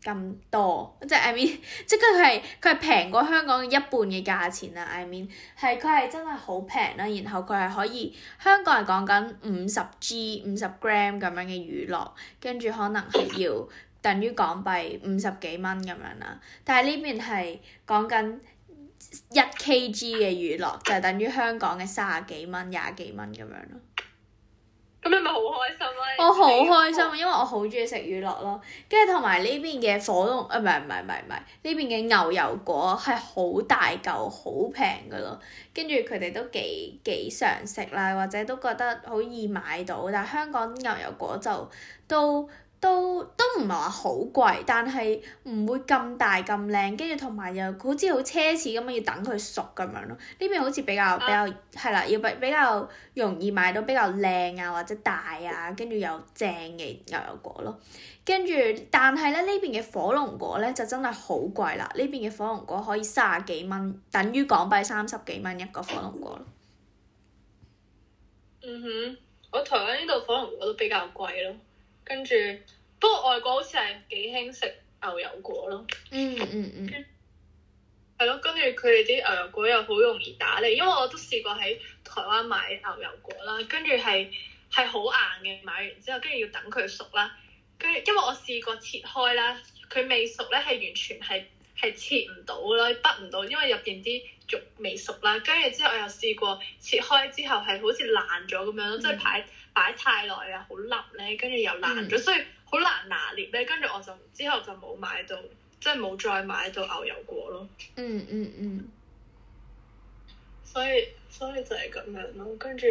咁多即係 I mean 即係佢係，佢係平過香港一半嘅價錢啊 I mean 係，佢係真係好平啦，然後佢係可以香港係講緊五十 G 五十 gram 咁樣嘅娛樂，跟住可能係要等於港幣五十幾蚊咁樣啦，但係呢邊係講緊一 Kg 嘅娛樂就係等於香港嘅三十幾蚊廿幾蚊咁樣咯。咁你咪好開心咯！我好開心，因為我好中意食乳酪咯。跟住同埋呢邊嘅火龍，唔係唔係唔係唔係，呢邊嘅牛油果係好大嚿，好平噶咯。跟住佢哋都幾幾常食啦，或者都覺得好易買到，但係香港牛油果就都都都唔係話好貴，但係唔會咁大咁靚，跟住同埋又好似好奢侈咁樣，要等佢熟咁樣咯。呢邊好似比較比較係啦、啊，要比比較容易買到比較靚啊或者大啊，跟住又正嘅牛油果咯。跟住但係咧，呢邊嘅火龍果咧就真係好貴啦。呢邊嘅火龍果可以卅幾蚊，等於港幣三十幾蚊一個火龍果咯。嗯哼，我台灣呢度火龍果都比較貴咯。跟住，不過外國好似係幾興食牛油果咯。嗯嗯嗯。係、嗯、咯，跟住佢哋啲牛油果又好容易打理，因為我都試過喺台灣買牛油果啦，跟住係係好硬嘅，買完之後跟住要等佢熟啦。跟住，因為我試過切開啦，佢未熟咧係完全係係切唔到啦，剝唔到，因為入邊啲肉未熟啦。跟住之後，我又試過切開之後係好似爛咗咁樣咯，即係排。擺太耐啊，好腍咧，跟住又爛咗，嗯、所以好難拿捏咧。跟住我就之後就冇買到，即係冇再買到牛油果咯。嗯嗯嗯，所。所以所以就係咁樣咯，跟住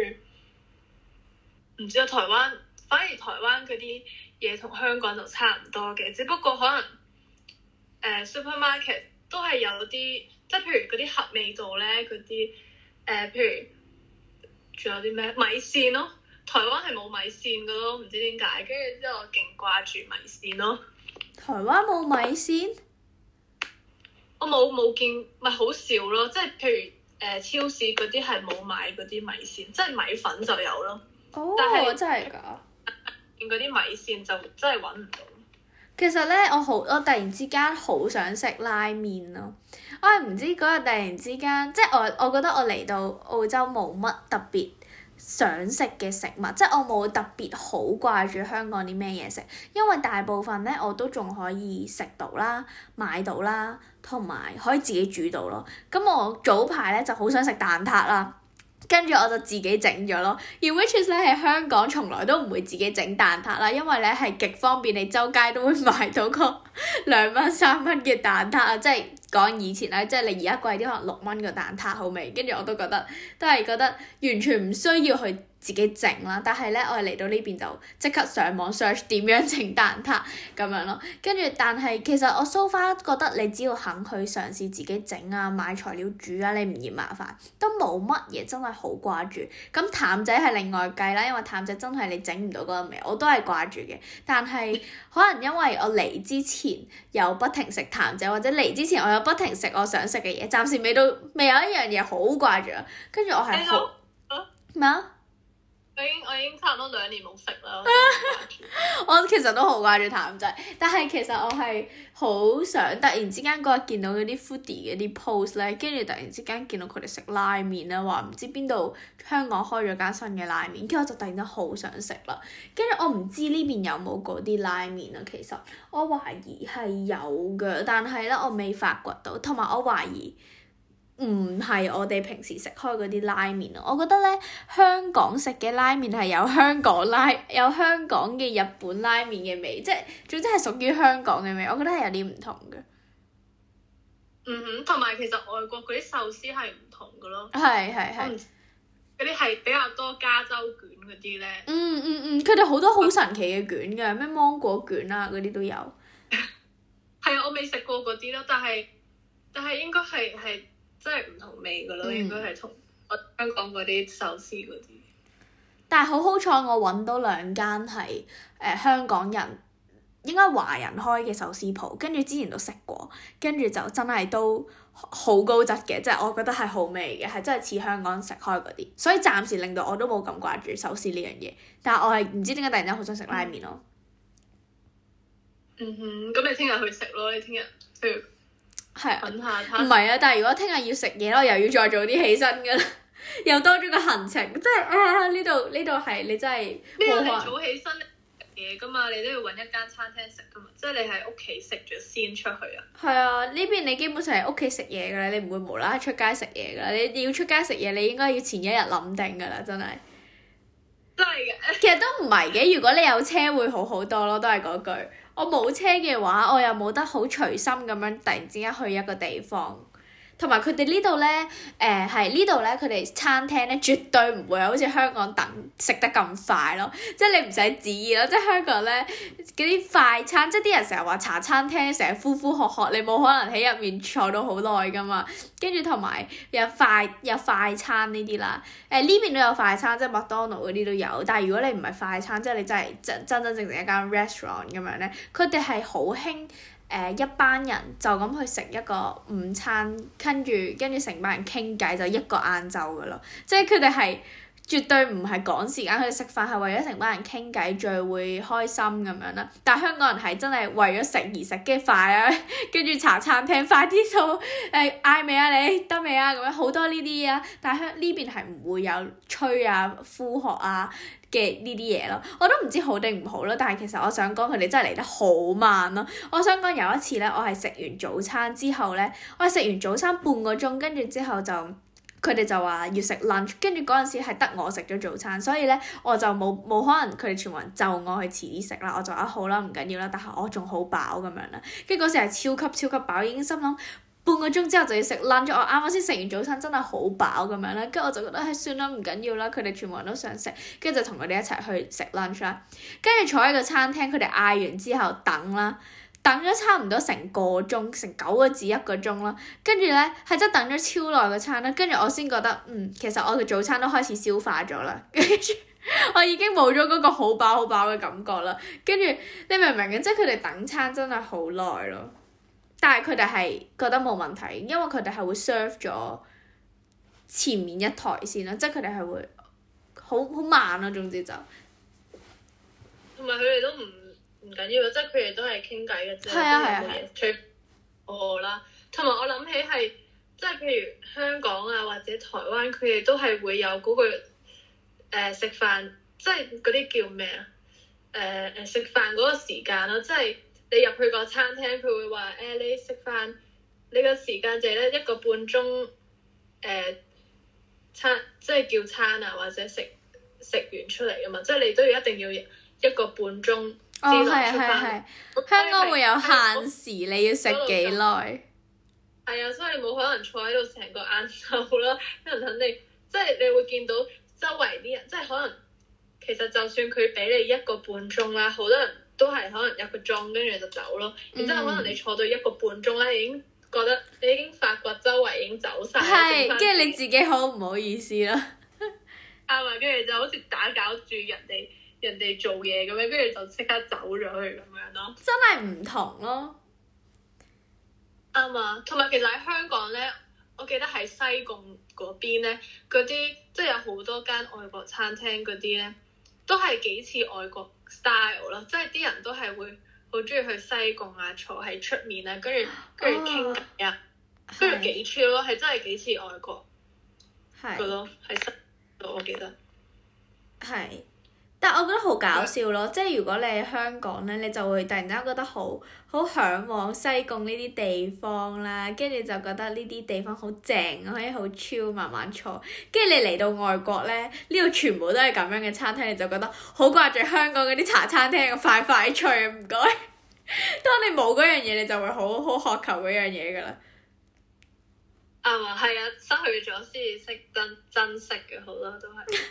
唔知啊。台灣反而台灣嗰啲嘢同香港就差唔多嘅，只不過可能誒、呃、supermarket 都係有啲，即係譬如嗰啲合味道咧，嗰啲誒譬如仲有啲咩米線咯。台灣係冇米線嘅咯，唔知點解，跟住之後我勁掛住米線咯。台灣冇米線？米線我冇冇見，咪好少咯。即係譬如誒、呃、超市嗰啲係冇買嗰啲米線，即係米粉就有咯。哦，但係我真係㗎，見嗰啲米線就真係揾唔到。其實咧，我好我突然之間好想食拉麵咯。我係唔知嗰日突然之間，即係我我覺得我嚟到澳洲冇乜特別。想食嘅食物，即係我冇特別好掛住香港啲咩嘢食，因為大部分呢我都仲可以食到啦、買到啦，同埋可以自己煮到咯。咁我早排呢就好想食蛋撻啦，跟住我，我就自己整咗咯。而 which 其實呢喺香港從來都唔會自己整蛋撻啦，因為呢係極方便，你周街都會買到個兩蚊三蚊嘅蛋撻啊，即係。講以前咧，即係你而家貴啲，可能六蚊個蛋撻好味，跟住我都覺得，都係覺得完全唔需要去。自己整啦，但係呢，我係嚟到呢邊就即刻上網 search 點樣整蛋撻咁樣咯。跟住，但係其實我 so far 覺得你只要肯去嘗試自己整啊，買材料煮啊，你唔嫌麻煩都冇乜嘢。真係好掛住。咁譚仔係另外計啦，因為譚仔真係你整唔到嗰個味，我都係掛住嘅。但係可能因為我嚟之前有不停食譚仔，或者嚟之前我有不停食我想食嘅嘢，暫時未到未有一樣嘢好掛住。跟住我係咩啊？Hello? 我已經我已經差唔多兩年冇食啦， [laughs] 我其實都好掛住譚仔，但係其實我係好想突然之間嗰日見到嗰啲 foodie 嘅啲 post 咧，跟住突然之間見到佢哋食拉麵啦，話唔知邊度香港開咗間新嘅拉麵，跟住我就突然間好想食啦，跟住我唔知呢邊有冇嗰啲拉麵啊，其實我懷疑係有㗎，但係咧我未發掘到，同埋我懷疑。唔係我哋平時食開嗰啲拉麵咯，我覺得呢，香港食嘅拉麵係有香港拉，有香港嘅日本拉麵嘅味，即係總之係屬於香港嘅味，我覺得係有啲唔同嘅。嗯哼，同埋其實外國嗰啲壽司係唔同㗎咯。係係係。嗰啲係比較多加州卷嗰啲呢。嗯嗯嗯，佢哋好多好神奇嘅卷㗎，咩芒果卷呀嗰啲都有。係啊， [laughs] 我未食過嗰啲咯，但係但係應該係係。真係唔同味噶咯，應該係同我香港嗰啲壽司嗰啲。嗯、但係好好彩，我揾到兩間係誒香港人，應該華人開嘅壽司鋪，跟住之前都食過，跟住就真係都好高質嘅，即係我覺得係好味嘅，係真係似香港食開嗰啲。所以暫時令到我都冇咁掛住壽司呢樣嘢，但係我係唔知點解突然間好想食拉麵咯。嗯，嗯哼，咁你聽日去食咯，你聽日去。嗯係，唔係啊，啊！但係如果聽日要食嘢咯，又要再早啲起身嘅啦，又多咗個行程，即係啊呢度呢度係你真係。邊日麼哇早起身嘢噶嘛？你都要揾一間餐廳食噶嘛？即係你喺屋企食咗先出去啊？係啊，呢邊你基本上喺屋企食嘢嘅啦，你唔會無啦啦出街食嘢嘅啦。你要出街食嘢，你應該要前一日諗定嘅啦，真係。真係嘅。其實都唔係嘅，如果你有車會好好多咯，都係嗰句。我冇車嘅話，我又冇得好隨心咁樣，突然之間去一個地方。同埋佢哋呢度呢，誒係呢度呢，佢哋餐廳呢絕對唔會好似香港等食得咁快咯，即係你唔使旨意咯，即係香港呢，嗰啲快餐，即係啲人成日話茶餐廳成日呼呼喝喝，你冇可能喺入面坐到好耐噶嘛。跟住同埋有快有快餐呢啲啦，誒呢邊都有快餐，即係麥當勞嗰啲都有。但係如果你唔係快餐，即係你真係真真真正正一間 restaurant 咁樣呢，佢哋係好興。誒、呃、一班人就咁去食一個午餐，跟住跟住成班人傾偈就一個晏晝噶咯，即係佢哋係絕對唔係趕時間去食飯，係為咗成班人傾偈聚會開心咁樣啦。但係香港人係真係為咗食而食嘅快啊，跟 [laughs] 住茶餐廳快啲到誒嗌未啊，你得未啊？咁樣好多呢啲啊。但係呢邊係唔會有催啊、呼喝啊。嘅呢啲嘢咯，我都唔知好定唔好咯，但係其實我想講佢哋真係嚟得好慢咯。我想講有一次呢，我係食完早餐之後呢，我係食完早餐半個鐘，跟住之後就佢哋就話要食 lunch，跟住嗰陣時係得我食咗早餐，所以呢，我就冇冇可能佢哋全部人就我去遲啲食啦，我就話好啦，唔緊要啦，但係我仲好飽咁樣啦，跟住嗰時係超級超級飽，已經心諗。半個鐘之後就要食 lunch，我啱啱先食完早餐，真係好飽咁樣咧，跟住我就覺得、哎、算係算啦，唔緊要啦。佢哋全部人都想食，跟住就同佢哋一齊去食 lunch 啦。跟住坐喺個餐廳，佢哋嗌完之後等啦，等咗差唔多成個鐘，成九個字一個鐘啦。跟住呢，係真等咗超耐個餐啦。跟住我先覺得，嗯，其實我嘅早餐都開始消化咗啦，跟 [laughs] 住我已經冇咗嗰個好飽好飽嘅感覺啦。跟住你明唔明？即係佢哋等餐真係好耐咯。但係佢哋係覺得冇問題，因為佢哋係會 serve 咗前面一枱先啦，即係佢哋係會好好慢咯，啊，總之就同埋佢哋都唔唔緊要，即係佢哋都係傾偈嘅啫，都係冇嘢除我啦。同埋我諗起係即係譬如香港啊或者台灣，佢哋都係會有嗰、嗰個、呃、食飯，即係嗰啲叫咩啊？誒、呃、誒食飯嗰個時間咯，啊，即係。你入去個餐廳，佢會話誒、哎，你食飯你個時間就係咧，一個半鐘誒、呃、餐，即係叫餐啊，或者食食完出嚟啊嘛，即係你都要一定要一個半鐘之內出翻。香港、哦啊啊啊、會有限時，你要食幾耐？係啊、嗯哎，所以你冇可能坐喺度成個晏晝咯，因為肯定即係你會見到周圍啲人，即係可能其實就算佢俾你一個半鐘啦，好多人。都係可能有個鐘跟住就走咯，嗯、然之後可能你坐到一個半鐘咧，已經覺得你已經發覺周圍已經走晒。係跟住你自己好唔好意思啦。啱啊，跟住就好似打攪住人哋人哋做嘢咁樣，跟住就即刻走咗去咁樣咯。真係唔同咯。啱啊，同埋其實喺香港咧，我記得喺西貢嗰邊咧，嗰啲即係有好多間外國餐廳嗰啲咧，都係幾似外國 style 咯，即係啲人都係會好中意去西貢啊，坐喺出面啊，跟住跟住傾偈啊，跟住幾 chill 咯，係真係幾似外國，係咯，係西度我記得係。但我覺得好搞笑咯，即係如果你喺香港呢，你就會突然間覺得好好向往西貢呢啲地方啦，跟住就覺得呢啲地方好正，可以好 chill，慢慢坐。跟住你嚟到外國呢，呢度全部都係咁樣嘅餐廳，你就覺得好掛住香港嗰啲茶餐廳快快脆唔該。你 [laughs] 當你冇嗰樣嘢，你就會好好渴求嗰樣嘢㗎啦。啊嘛，係啊，失去咗先至識珍珍惜嘅好多都係。 [laughs]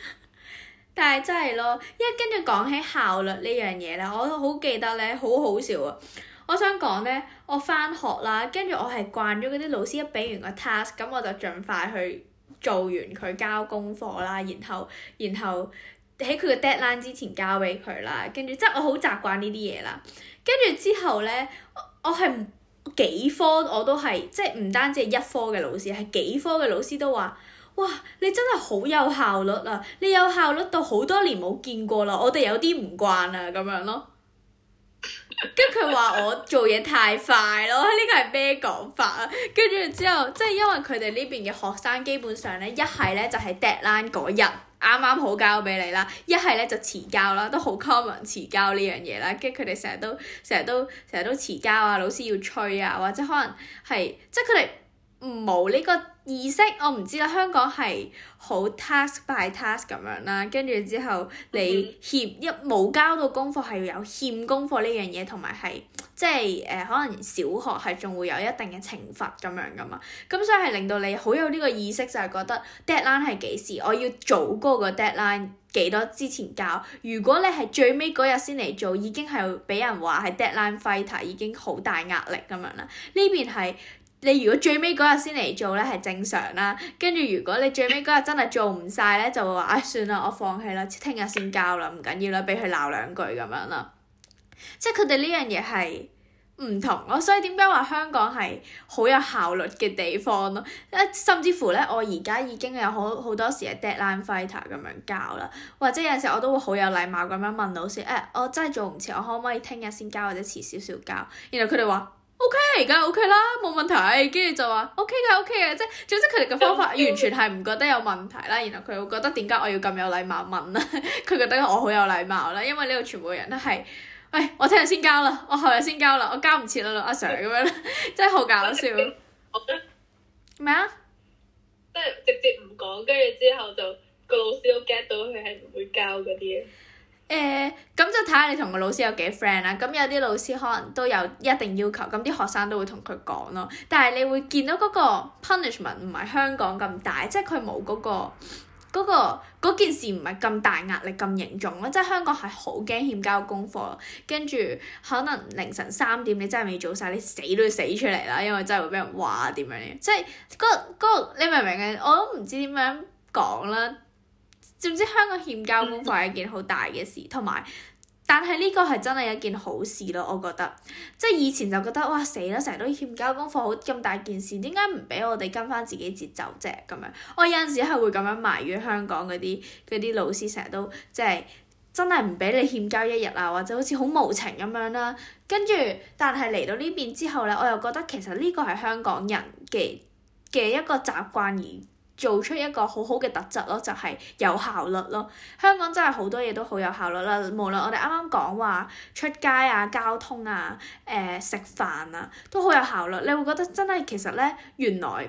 但係真係咯，因為跟住講起效率呢樣嘢咧，我都好記得咧，好好笑啊！我想講咧，我返學啦，跟住我係慣咗嗰啲老師一俾完個 task，咁我就盡快去做完佢交功課啦，然後然後喺佢嘅 deadline 之前交俾佢啦，跟住即係我好習慣呢啲嘢啦。跟住之後咧，我係唔，幾科我都係即係唔單止係一科嘅老師，係幾科嘅老師都話。哇！你真係好有效率啊！你有效率到好多年冇見過啦，我哋有啲唔慣啊咁樣咯。跟住佢話我做嘢太快咯，呢個係咩講法啊？跟住之後，即係因為佢哋呢邊嘅學生基本上咧，一係咧就係 deadline 嗰日啱啱好交俾你啦，一係咧就遲交啦，都好 common 遲交呢樣嘢啦。跟住佢哋成日都成日都成日都遲交啊，老師要催啊，或者可能係即係佢哋，就是冇呢個意識，我唔知啦。香港係好 task by task 咁樣啦，跟住之後你欠一冇交到功課，係要有欠功課呢樣嘢，同埋係即係誒、呃，可能小學係仲會有一定嘅懲罰咁樣噶嘛。咁所以係令到你好有呢個意識，就係、是、覺得 deadline 係幾時，我要早過個 deadline 幾多之前交。如果你係最尾嗰日先嚟做，已經係俾人話係 deadline fighter，已經好大壓力咁樣啦。呢邊係。你如果最尾嗰日先嚟做呢，係正常啦。跟住如果你最尾嗰日真係做唔晒呢， [coughs] 就會話唉、哎，算啦，我放棄啦，聽日先交啦，唔緊要啦，俾佢鬧兩句咁樣啦。即係佢哋呢樣嘢係唔同咯，所以點解話香港係好有效率嘅地方咯。甚至乎呢，我而家已經有好好多，多時係 deadline fighter 咁樣交啦，或者有陣時我都會好有禮貌咁樣問老師誒、哎，我真係做唔切，我可唔可以聽日先交或者遲少少交？然後佢哋話。O K，而家 O K 啦，冇、okay, okay, 問題。跟住就話 O K 嘅 O K 嘅，即、okay、係總之佢哋嘅方法完全係唔覺得有問題啦。Okay. 然後佢會覺得點解我要咁有禮貌問啊？佢 [laughs] 覺得我好有禮貌啦，因為呢度全部人都係，喂、哎，我聽日先交啦，我後日先交啦，我交唔切啦，阿、啊、Sir 咁樣，即係好搞笑。咩啊 Okay. 麼？即係直接唔講，跟住之後就個老師都 get 到佢係唔會交嗰啲。誒，咁就睇下你同個老師有幾 friend 啦。咁有啲老師可能都有一定要求，咁啲學生都會同佢講咯。但係你會見到嗰個 punishment 唔係香港咁大，即係佢冇嗰個嗰、嗰個、件事唔係咁大壓力咁嚴重咯。即係香港係好驚欠交功課，跟住可能凌晨三點你真係未做晒，你死都要死出嚟啦，因為真係會俾人話點樣嘅。即係嗰嗰個、嗰個、你明唔明啊？我都唔知點樣講啦。知唔知香港欠交功課係一件好大嘅事，同埋，但係呢個係真係一件好事咯，我覺得。即係以前就覺得，哇死啦！成日都欠交功課，好咁大件事，點解唔俾我哋跟翻自己節奏啫？咁樣，我有陣時係會咁樣埋怨香港嗰啲啲老師，成日都即係真係唔俾你欠交一日啊，或者好似好無情咁樣啦。跟住，但係嚟到呢邊之後咧，我又覺得其實呢個係香港人嘅嘅一個習慣而。做出一個好好嘅特質咯，就係有效率咯。香港真係好多嘢都好有效率啦。無論我哋啱啱講話出街啊、交通啊、誒食飯啊，都好有效率。你會覺得真係其實呢，原來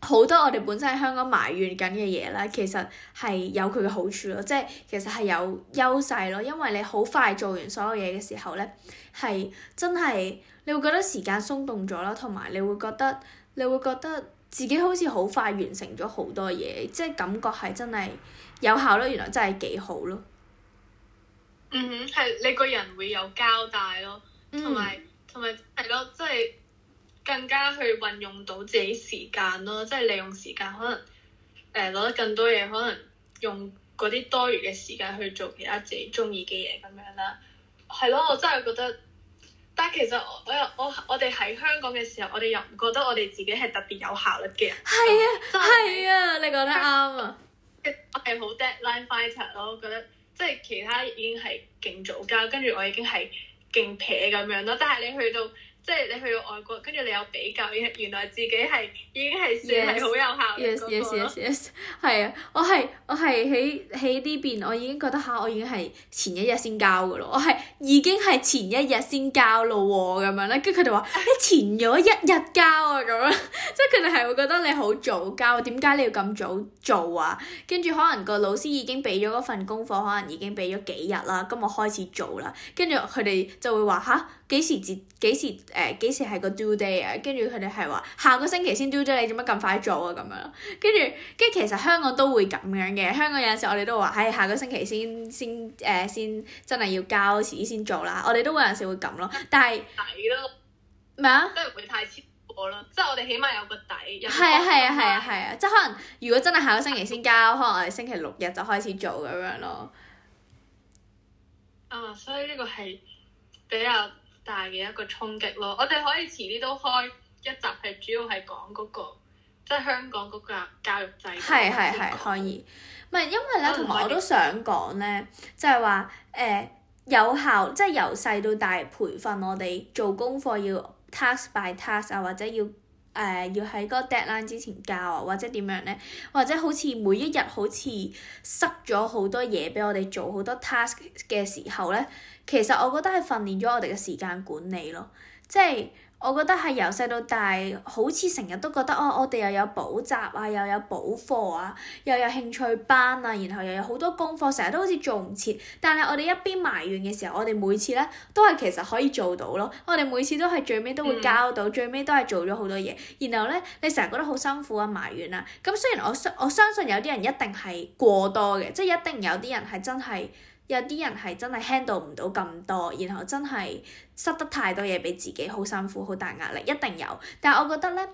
好多我哋本身喺香港埋怨緊嘅嘢呢，其實係有佢嘅好處咯。即係其實係有優勢咯，因為你好快做完所有嘢嘅時候呢，係真係你會覺得時間鬆動咗咯，同埋你會覺得你會覺得。自己好似好快完成咗好多嘢，即係感覺係真係有效咯，原來真係幾好咯。嗯哼，係你個人會有交代咯，同埋同埋係咯，即係、嗯就是、更加去運用到自己時間咯，即、就、係、是、利用時間可能誒攞、呃、得更多嘢，可能用嗰啲多餘嘅時間去做其他自己中意嘅嘢咁樣啦。係咯，我真係覺得。但係其實我又我我哋喺香港嘅時候，我哋又唔覺得我哋自己係特別有效率嘅人。係啊，係以啊，你講得啱啊！我係好 deadline fighter 咯，我 er, 我覺得即係其他已經係勁早交，跟住我已經係勁撇咁樣咯。但係你去到，即係你去到外國，跟住你有比較，原來自己係已經係算係好有效嘅、嗰個、Yes yes yes y、yes. 啊，我係我係喺喺呢邊，我已經覺得嚇、啊，我已經係前一日先交嘅咯，我係已經係前一日先交咯喎，咁樣咧，跟住佢哋話你前咗一日交啊，咁樣，即係佢哋係會覺得你好早交，點解你要咁早做啊？跟住可能個老師已經俾咗份功課，可能已經俾咗幾日啦，咁我開始做啦，跟住佢哋就會話吓！」幾時節？幾時誒？幾時係個 due day 啊？跟住佢哋係話下個星期先 due day，你做乜咁快做啊？咁樣咯。跟住，跟住其實香港都會咁樣嘅。香港有陣時我哋都會話，唉、哎，下個星期先先誒先，呃、真係要交遲先做啦。我哋都會有時會咁咯。但係底咯了，咩啊麼？都唔會太超過咯，即係我哋起碼有個底。係啊係啊係啊係啊！即係可能如果真係下個星期先交，可能我哋星期六日就開始做咁樣咯。啊，所以呢個係比較。大嘅一個衝擊咯，我哋可以遲啲都開一集，係主要係講嗰個，即係香港嗰個教育制度。係係係可以，唔係因為咧，同埋我，我都想講咧，就係話誒有效，即係由細到大培訓我哋做功課要 task by task 啊，或者要。誒、uh, 要喺嗰 deadline 之前交啊，或者點樣呢？或者好似每一日好似塞咗好多嘢俾我哋做好多 task 嘅時候呢，其實我覺得係訓練咗我哋嘅時間管理咯，即係。我覺得係由細到大，好似成日都覺得哦，我哋又有補習啊，又有補課啊，又有興趣班啊，然後又有好多功課，成日都好似做唔切。但係我哋一邊埋怨嘅時候，我哋每次呢都係其實可以做到咯。我哋每次都係最尾都會交到，最尾都係做咗好多嘢。然後呢你成日覺得好辛苦啊，埋怨啊。咁雖然我我相信有啲人一定係過多嘅，即係一定有啲人係真係。有啲人係真係 handle 唔到咁多，然後真係塞得太多嘢畀自己，好辛苦，好大壓力，一定有。但係我覺得咧，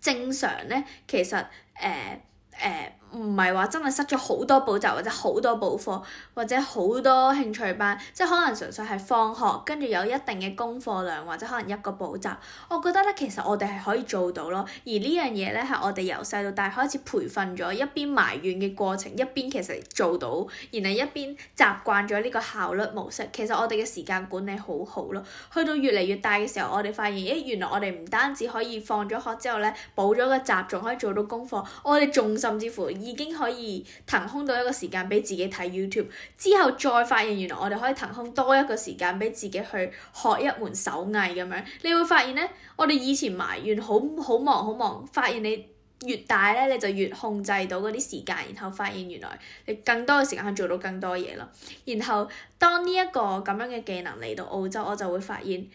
正常咧，其實誒誒。呃呃唔係話真係塞咗好多補習或者好多補課或者好多興趣班，即係可能純粹係放學跟住有一定嘅功課量或者可能一個補習。我覺得咧，其實我哋係可以做到咯。而呢樣嘢咧係我哋由細到大開始培訓咗，一邊埋怨嘅過程，一邊其實做到，然後一邊習慣咗呢個效率模式。其實我哋嘅時間管理好好咯。去到越嚟越大嘅時候，我哋發現，咦，原來我哋唔單止可以放咗學之後咧補咗個習，仲可以做到功課。我哋仲甚至乎。已經可以騰空到一個時間俾自己睇 YouTube，之後再發現原來我哋可以騰空多一個時間俾自己去學一門手藝咁樣。你會發現呢，我哋以前埋怨好好忙好忙，發現你越大呢，你就越控制到嗰啲時間，然後發現原來你更多嘅時間可以做到更多嘢咯。然後當呢一個咁樣嘅技能嚟到澳洲，我就會發現。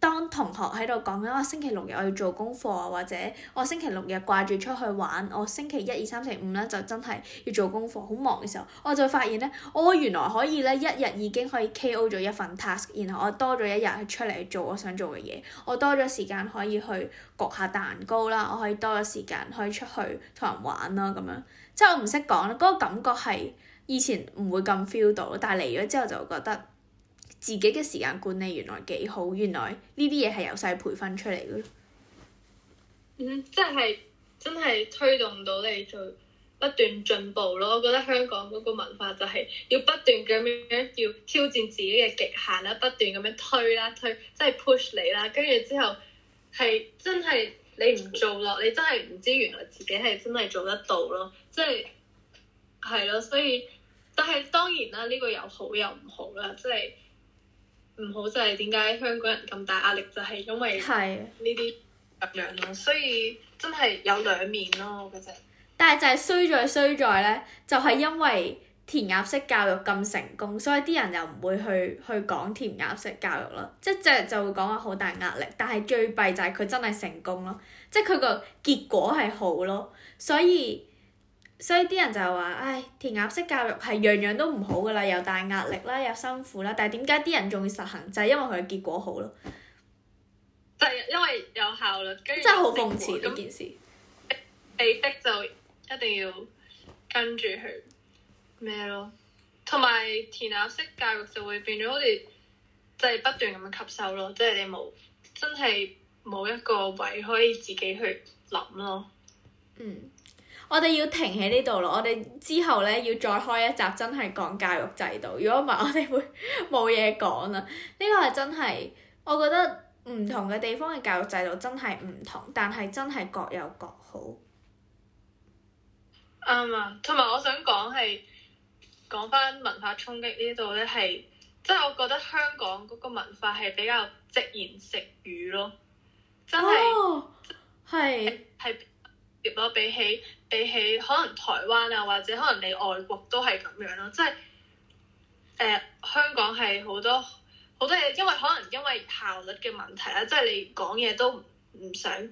當同學喺度講緊，我星期六日我要做功課啊，或者我星期六日掛住出去玩，我星期一二三四五咧就真係要做功課，好忙嘅時候，我就發現呢，我、哦、原來可以咧一日已經可以 K.O. 咗一份 task，然後我多咗一日去出嚟做我想做嘅嘢，我多咗時間可以去焗下蛋糕啦，我可以多咗時間可以出去同人玩啦，咁樣，即係我唔識講啦，嗰、嗰個感覺係以前唔會咁 feel 到，但係嚟咗之後就覺得。自己嘅時間管理原來幾好，原來呢啲嘢係由細培訓出嚟嘅。嗯，即係真係推動到你做不斷進步咯。我覺得香港嗰個文化就係要不斷咁樣要挑戰自己嘅極限啦，不斷咁樣推啦，推即係 push 你啦。跟住之後係真係你唔做落，你真係唔知原來自己係真係做得到咯。即係係咯，所以但係當然啦，呢個又好又唔好啦，即係。唔好就係點解香港人咁大壓力，就係因為呢啲咁樣咯，所以真係有兩面咯，我覺得。但係就係衰在衰在咧，就係因為填鴨式教育咁成功，所以啲人就唔會去去講填鴨式教育咯，即係就就會講話好大壓力，但係最弊就係佢真係成功咯，即係佢個結果係好咯，所以。所以啲人就係話，唉，填鴨式教育係樣樣都唔好噶啦，又大壓力啦，又辛苦啦。但係點解啲人仲要實行？就係因為佢嘅結果好咯，就係因為有效率。真係好諷刺呢件事。被迫就一定要跟住去咩咯？同埋填鴨式教育就會變咗好似，就係不斷咁樣吸收咯，即係你冇真係冇一個位可以自己去諗咯。嗯。我哋要停喺呢度咯，我哋之後咧，要再開一集，真係講教育制度。如果唔係，我哋會冇嘢講啦。呢個係真係，我覺得唔同嘅地方嘅教育制度真係唔同，但係真係各有各好。啊，同埋我想講係講返文化衝擊呢度咧，係即係我覺得香港嗰個文化係比較直言直語咯，真係係係。咯，比起比起可能台灣啊，或者可能你外國都係咁樣咯，即係誒香港係好多好多嘢，因為可能因為效率嘅問題啦，即係你講嘢都唔唔想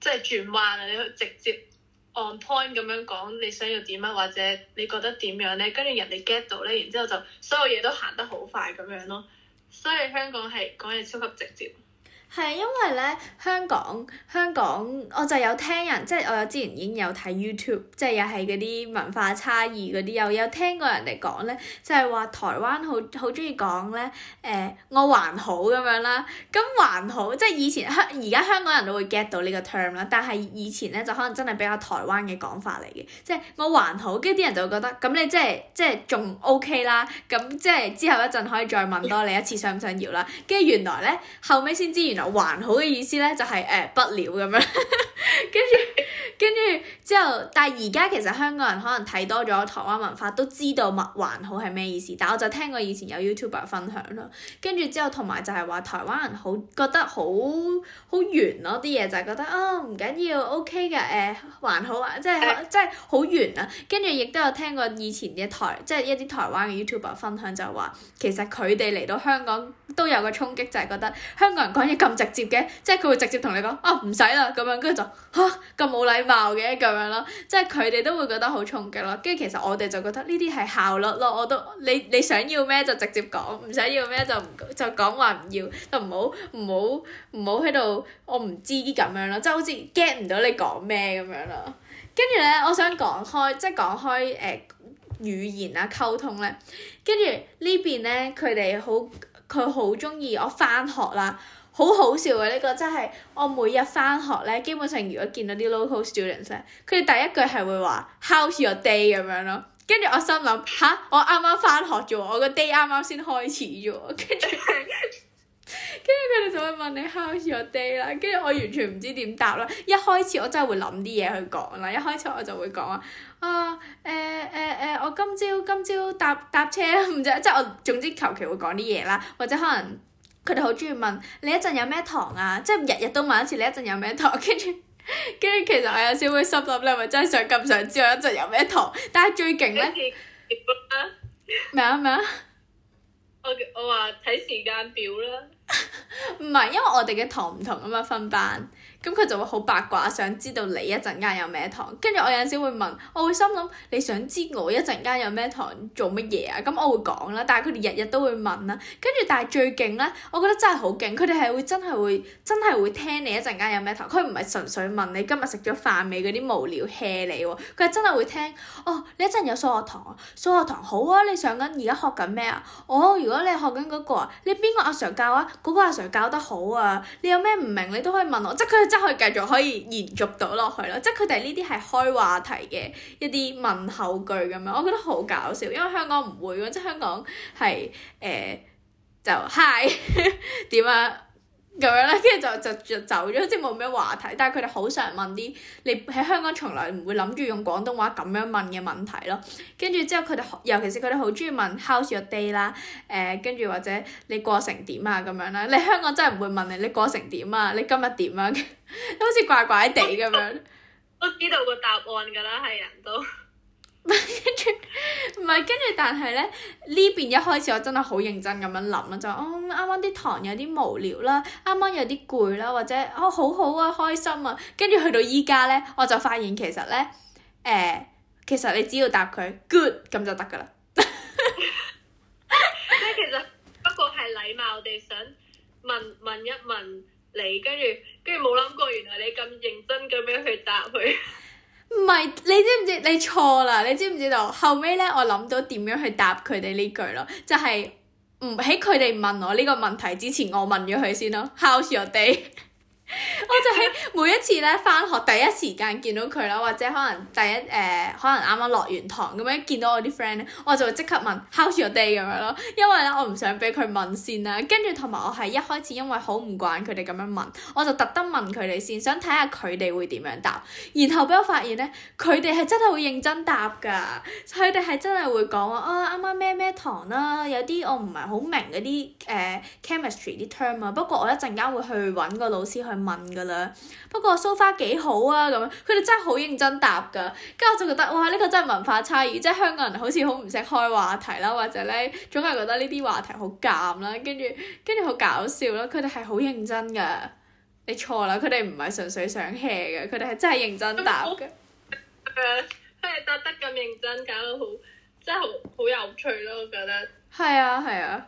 即係轉彎啊，你去直接按 point 咁樣講你想要點啊，或者你覺得點樣咧，跟住人哋 get 到咧，然之後就所有嘢都行得好快咁樣咯，所以香港係講嘢超級直接。係啊，因為咧，香港香港我就有聽人，即係我有之前已經有睇 YouTube，即係又係嗰啲文化差異嗰啲，又有聽過人哋講咧，就係、是、話台灣好好中意講咧，誒、呃，我還好咁樣啦。咁、嗯、還好，即係以前香而家香港人都會 get 到呢個 term 啦，但係以前咧就可能真係比較台灣嘅講法嚟嘅，即係我還好，跟住啲人就會覺得，咁、嗯、你即係即係仲 OK 啦，咁、嗯、即係之後一陣可以再問多你一次想唔想要啦。跟住原來咧，後尾先知原來。還好嘅意思咧，就係、是、誒、欸、不了咁樣。 [laughs] 跟住跟住之後，但係而家其實香港人可能睇多咗台灣文化，都知道物還好係咩意思。但係我就聽過以前有 YouTuber 分享咯，跟住之後同埋就係話台灣人好覺得好好圓咯啲嘢，就係、是、覺得啊唔緊要 OK 㗎，誒、欸，還好啊，即係即係好圓啊。跟住亦都有聽過以前嘅台，即、就、係、是、一啲台灣嘅 YouTuber 分享，就話其實佢哋嚟到香港都有個衝擊，就係、是、覺得香港人講嘢咁。直接嘅，即係佢會直接同你講啊，唔使啦咁樣，跟住就嚇咁冇禮貌嘅咁樣咯。即係佢哋都會覺得好衝擊咯。跟住其實我哋就覺得呢啲係效率咯。我都你你想要咩就直接講，唔想要咩就就講話唔要，就唔好唔好唔好喺度，我唔知咁樣咯。即係好似 get 唔到你講咩咁樣啦。跟住咧，我想講開，即係講開誒語言啊溝通咧。跟住呢邊咧，佢哋好佢好中意我返學啦。好好笑啊，呢個真係，我每日翻學呢，基本上如果見到啲 local students 咧，佢哋第一句係會話 how’s your day 咁樣咯，跟住我心諗吓，我啱啱翻學啫喎，我個 day 啱啱先開始啫喎，跟住，跟住佢哋就會問你 how’s your day 啦，跟住我完全唔知點答啦，一開始我真係會諗啲嘢去講啦，一開始我就會講啊，誒誒誒，我今朝今朝搭搭車唔知，即係我總之求其會講啲嘢啦，或者可能。佢哋好中意問你一陣有咩堂啊，即係日日都問一次你一陣有咩堂，跟住跟住，其實我有少少會心諗，你係咪真係想咁想知道我一陣有咩堂？但係最勁咧，咩啊咩啊？我我話睇時間表啦，唔係 [laughs] 因為我哋嘅堂唔同啊嘛，分班。咁佢就會好八卦，想知道你一陣間有咩堂。跟住我有陣時會問，我會心諗你想知我一陣間有咩堂做乜嘢啊？咁我會講啦，但係佢哋日日都會問啦。跟住但係最勁咧，我覺得真係好勁，佢哋係會真係會真係會聽你一陣間有咩堂。佢唔係純粹問你今日食咗飯未嗰啲無聊 hea 你喎，佢係真係會聽。哦，你一陣有數學堂啊？數學堂好啊！你上緊而家學緊咩啊？哦，如果你學緊嗰個啊，你邊個阿 sir 教啊？嗰個阿 sir 教得好啊！你有咩唔明你都可以問我，即係佢。即係繼續可以延續到落去咯，即係佢哋呢啲係開話題嘅一啲問候句咁樣，我覺得好搞笑，因為香港唔會嘅，即係香港係誒、呃、就 hi 點 [laughs] 啊咁樣啦，跟住就就就走咗，即係冇咩話題。但係佢哋好常問啲你喺香港從來唔會諗住用廣東話咁樣問嘅問題咯。跟住之後佢哋，尤其是佢哋好中意問 how’s your day 啦、呃，誒跟住或者你過成點啊咁樣啦。你香港真係唔會問你你過成點啊，你今日點樣，啊？ [laughs] 都好似怪怪地咁樣，都 [laughs] 知道個答案㗎啦，係人都。唔係跟住，唔係跟住，但係咧呢邊一開始我真係好認真咁樣諗啦，就嗯啱啱啲堂有啲無聊啦，啱啱有啲攰啦，或者哦好好啊開心啊，跟住去到依家咧，我就發現其實咧誒、呃，其實你只要答佢 good 咁就得㗎啦。即 [laughs] 係 [laughs] 其實不過係禮貌哋想問問一問你，跟住。跟住冇諗過，原來你咁認真咁樣去答佢。唔係，你知唔知你錯啦？你知唔知道後尾咧，我諗到點樣去答佢哋呢句咯？就係唔喺佢哋問我呢個問題之前，我問咗佢先咯。How's your day? [laughs] 我就喺每一次咧返學第一時間見到佢啦，或者可能第一誒、呃、可能啱啱落完堂咁樣見到我啲 friend 咧，我就會即刻問 How's your day 咁樣咯，因為咧我唔想俾佢問先啦。跟住同埋我係一開始因為好唔慣佢哋咁樣問，我就特登問佢哋先，想睇下佢哋會點樣答。然後俾我發現咧，佢哋係真係會認真答㗎，佢哋係真係會講話，oh, 啊啱啱咩咩堂啦。有啲我唔係好明嗰啲誒 chemistry 啲 term 啊，不過我一陣間會去揾個老師去。問噶啦，不過蘇花幾好啊咁，佢哋真係好認真答噶，跟住我就覺得哇，呢個真係文化差異，即係香港人好似好唔識開話題啦，或者咧總係覺得呢啲話題好尷啦，跟住跟住好搞笑咯，佢哋係好認真噶，你錯啦，佢哋唔係純粹想 hea 嘅，佢哋係真係認真答嘅。佢哋答得咁認真，搞到好真係好有趣咯，我覺得。係啊，係啊。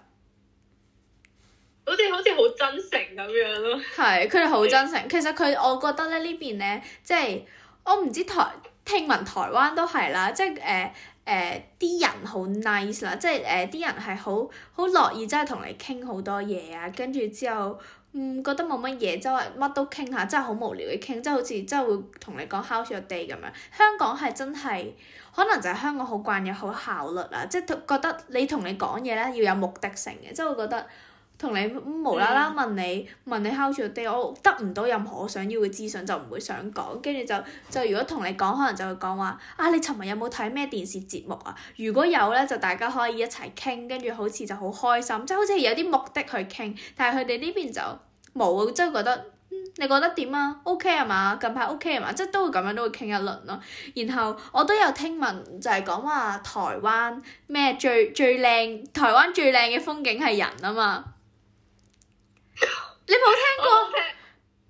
好似好似好真誠咁樣咯，係佢哋好真誠。其實佢我覺得咧呢邊咧，即係我唔知台聽聞台灣都係啦，即係誒誒啲人好 nice 啦，即係誒啲人係好好樂意真係同你傾好多嘢啊。跟住之後，嗯覺得冇乜嘢，即係乜都傾下，真係好無聊嘅傾，即係好似真係會同你講 how’s your day 咁樣。香港係真係可能就係香港好慣嘅好效率啊，即係覺得你同你講嘢咧要有目的性嘅，即係會覺得。同你無啦啦問你問你敲住地，我得唔到任何我想要嘅資訊，就唔會想講。跟住就就如果同你講，可能就會講話啊，你尋日有冇睇咩電視節目啊？如果有咧，就大家可以一齊傾。跟住好似就好開心，即係好似有啲目的去傾。但係佢哋呢邊就冇，即係覺得、嗯、你覺得點啊？O K 係嘛？近排 O K 係嘛？即係都會咁樣都會傾一輪咯、啊。然後我都有聽聞就係講話台灣咩最最靚，台灣最靚嘅風景係人啊嘛～你冇聽過？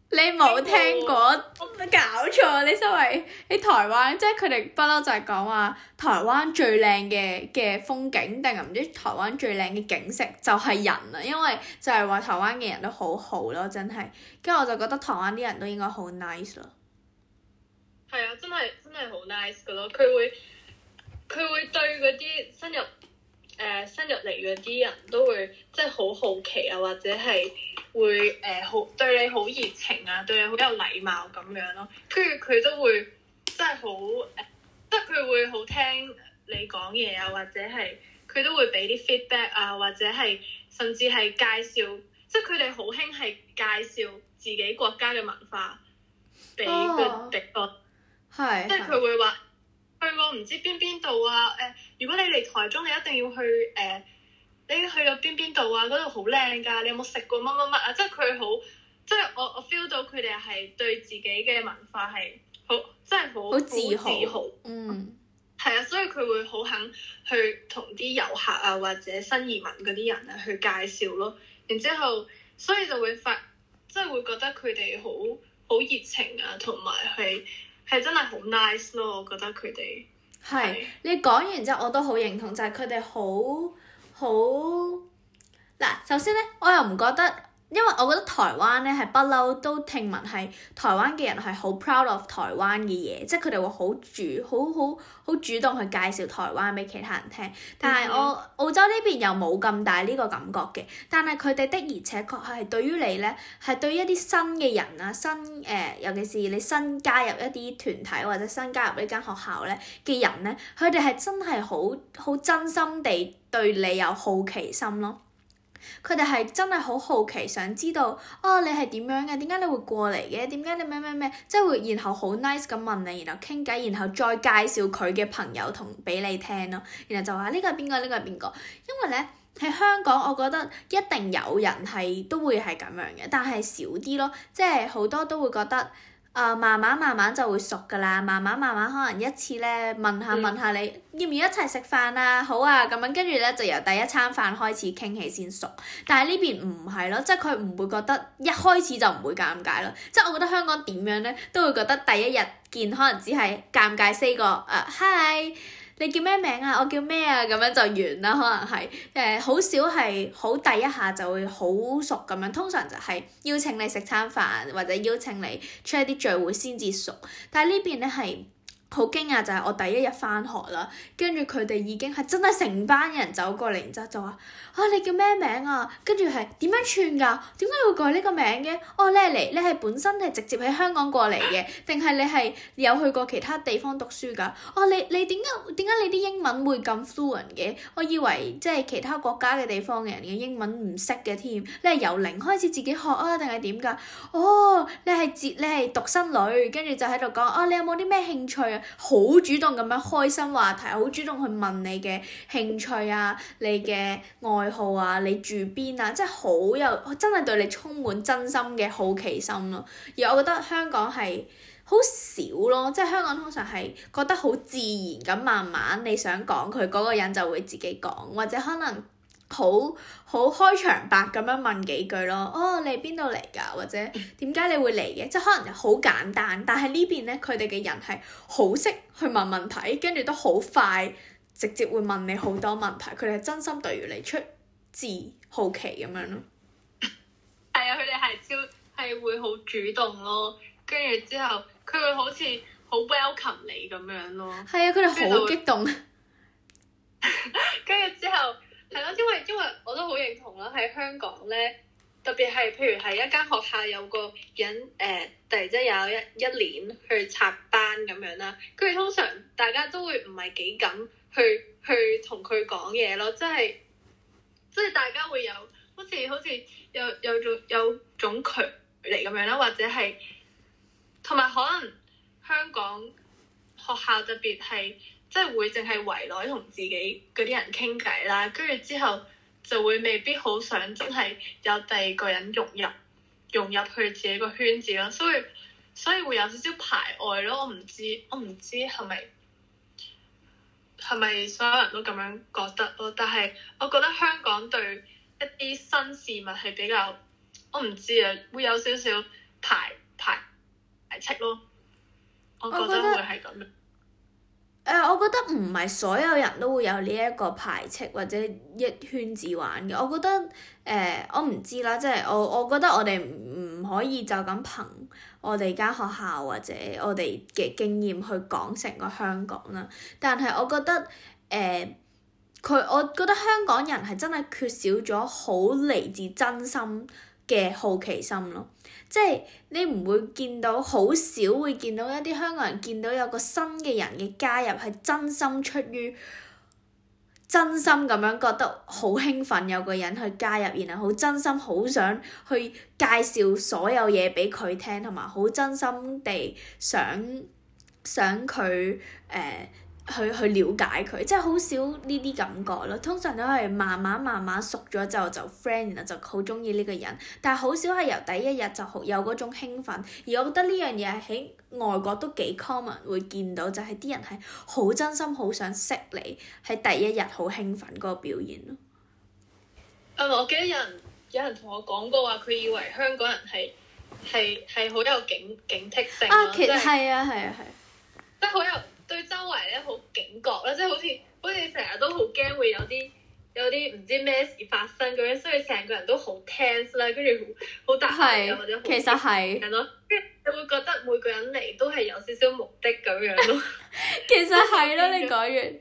你冇聽過？我唔係搞錯！你身為喺台灣，即係佢哋不嬲就係講話台灣最靚嘅嘅風景，定係唔知台灣最靚嘅景色就係人啊！因為就係話台灣嘅人都好好咯，真係。跟住我就覺得台灣啲人都應該好 nice 咯。係啊，真係真係好 nice 噶咯，佢會佢會對嗰啲新入誒、呃、新入嚟嗰啲人都會即係好好奇啊，或者係會誒、呃、好對你好熱情啊，對你好有禮貌咁樣咯，啊。跟住佢都會即係好，即係佢會好聽你講嘢啊，或者係佢都會俾啲 feedback 啊，或者係甚至係介紹即係佢哋好興係介紹自己國家嘅文化俾佢哋，係即係佢會話。去過唔知邊邊度啊？誒、呃，如果你嚟台中，你一定要去誒、呃，你去到邊邊度啊？嗰度好靚㗎，你有冇食過乜乜乜啊？即係佢好，即係我我 feel 到佢哋係對自己嘅文化係好，即係好自豪，自豪，嗯，係啊，所以佢會好肯去同啲遊客啊或者新移民嗰啲人啊去介紹咯，然之後所以就會發，即係會覺得佢哋好好熱情啊，同埋係。係真係好 nice 咯，我覺得佢哋係，你講完之後我都好認同，就係佢哋好好嗱，首先咧，我又唔覺得。因為我覺得台灣咧係不嬲都聽聞係台灣嘅人係好 proud of 台灣嘅嘢，即係佢哋會好主好好好主動去介紹台灣俾其他人聽。但係我澳洲呢邊又冇咁大呢個感覺嘅。但係佢哋的而且確係對於你咧係對於一啲新嘅人啊新誒、呃，尤其是你新加入一啲團體或者新加入呢間學校咧嘅人咧，佢哋係真係好好真心地對你有好奇心咯。佢哋係真係好好奇，想知道，哦，你係點樣嘅？點解你會過嚟嘅？點解你咩咩咩？即係會然後好 nice 咁問你，然後傾偈，然後再介紹佢嘅朋友同俾你聽咯。然後就話呢個係邊個？呢個係邊個？因為呢喺香港，我覺得一定有人係都會係咁樣嘅，但係少啲咯。即係好多都會覺得。啊、呃，慢慢慢慢就會熟㗎喇，慢慢慢慢可能一次咧問下問下你、嗯、要唔要一齊食飯啊，好啊，咁樣跟住咧就由第一餐飯開始傾起先熟，但係呢邊唔係咯，即係佢唔會覺得一開始就唔會尷尬咯，即係我覺得香港點樣咧都會覺得第一日見可能只係尷尬 say 個誒、呃、hi。你叫咩名啊？我叫咩啊？咁樣就完啦，可能係誒好少係好第一下就會好熟咁樣，通常就係邀請你食餐飯或者邀請你出一啲聚會先至熟，但係呢邊咧係。好驚訝！就係、是、我第一日翻學啦，跟住佢哋已經係真係成班人走過嚟，然之後就話：啊你叫咩名啊？跟住係點樣串㗎？點解會改呢個名嘅？哦，你係嚟、啊哦，你係本身係直接喺香港過嚟嘅，定係你係有去過其他地方讀書㗎？哦你你點解點解你啲英文會咁 fluent 嘅？我以為即係其他國家嘅地方嘅人嘅英文唔識嘅添，你係由零開始自己學啊？定係點㗎？哦你係節你係獨生女，跟住就喺度講：哦，你有冇啲咩興趣、啊？好主動咁樣開心話題，好主動去問你嘅興趣啊、你嘅愛好啊、你住邊啊，即係好有，真係對你充滿真心嘅好奇心咯、啊。而我覺得香港係好少咯，即係香港通常係覺得好自然咁慢慢，你想講佢嗰個人就會自己講，或者可能。好好開場白咁樣問幾句咯，哦，你係邊度嚟㗎？或者點解你會嚟嘅？即係可能好簡單，但係呢邊咧，佢哋嘅人係好識去問問題，跟住都好快直接會問你好多問題。佢哋係真心對住你出字好奇咁樣咯。係 [laughs] 啊，佢哋係超係會好主動咯，跟住之後佢會好似好 welcome 你咁樣咯。係啊，佢哋好激動，跟住 [laughs] 之後。係咯，因為因為我都好認同啦，喺香港咧，特別係譬如係一間學校有個人誒，突然之間有一一年去插班咁樣啦，跟住通常大家都會唔係幾敢去去同佢講嘢咯，即係即係大家會有好似好似有有，有種有種距離咁樣啦，或者係同埋可能香港學校特別係。即係會淨係圍內，同自己嗰啲人傾偈啦，跟住之後就會未必好想真係有第二個人融入融入去自己個圈子咯，所以所以會有少少排外咯。我唔知我唔知係咪係咪所有人都咁樣覺得咯，但係我覺得香港對一啲新事物係比較，我唔知啊，會有少少排排排斥咯。我覺得會係咁樣。誒、呃，我覺得唔係所有人都會有呢一個排斥或者一圈子玩嘅。我覺得誒、呃，我唔知啦，即係我，我覺得我哋唔可以就咁憑我哋間學校或者我哋嘅經驗去講成個香港啦。但係我覺得誒，佢、呃、我覺得香港人係真係缺少咗好嚟自真心嘅好奇心咯，即係你唔會見到，好少會見到一啲香港人見到有個新嘅人嘅加入，係真心出於真心咁樣覺得好興奮，有個人去加入，然後好真心好想去介紹所有嘢俾佢聽，同埋好真心地想想佢誒。呃去去了解佢，即係好少呢啲感覺咯。通常都係慢慢慢慢熟咗之後就 friend，然後就好中意呢個人。但係好少係由第一日就好有嗰種興奮。而我覺得呢樣嘢喺外國都幾 common，會見到就係啲人係好真心好想識你喺第一日好興奮嗰個表現咯。啊，我記得有人有人同我講過話，佢以為香港人係係係好有警警惕性啊，其實係啊係啊係，即係好有。對周圍咧好警覺啦，即、就、係、是、好似好似成日都好驚會有啲有啲唔知咩事發生咁樣，所以成個人都好 tense 啦，跟住好好大牌嘅是或者，其實係係咯，跟住你會覺得每個人嚟都係有少少目的咁樣咯。 [laughs] 其實係是咯，樣你講完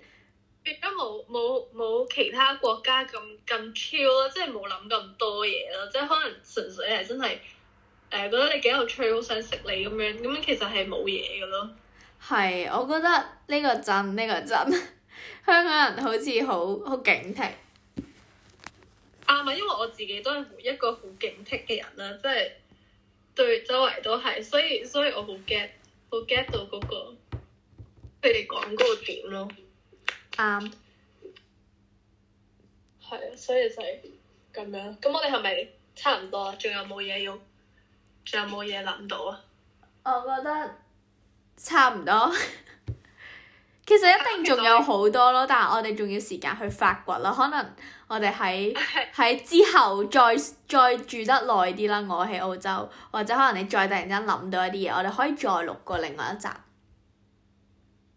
變咗冇冇冇其他國家咁咁 chill 咯，即係冇諗咁多嘢咯，即、就、係、是、可能純粹係真係誒、欸、覺得你幾有趣，好想識你咁樣，咁樣其實係冇嘢噶咯。係，我覺得呢個震，呢個震，香港人好似好好警惕。啱啊，因為我自己都係一個好警惕嘅人啦，即係對周圍都係，所以所以我好 get，好 get 到嗰個，佢哋講嗰個點咯。啱。係啊，所以就係咁樣。咁我哋係咪差唔多？仲有冇嘢要？仲有冇嘢諗到啊？我覺得。差唔多， [laughs] 其實一定仲有好多咯，okay，但係我哋仲要時間去發掘咯。可能我哋喺喺之後再再住得耐啲啦。我喺澳洲，或者可能你再突然間諗到一啲嘢，我哋可以再錄過另外一集。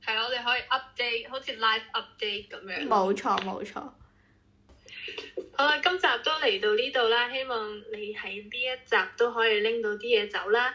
係咯，我哋可以 update，好似 live update 咁樣。冇錯，冇錯。好啦，今集都嚟到呢度啦，希望你喺呢一集都可以拎到啲嘢走啦。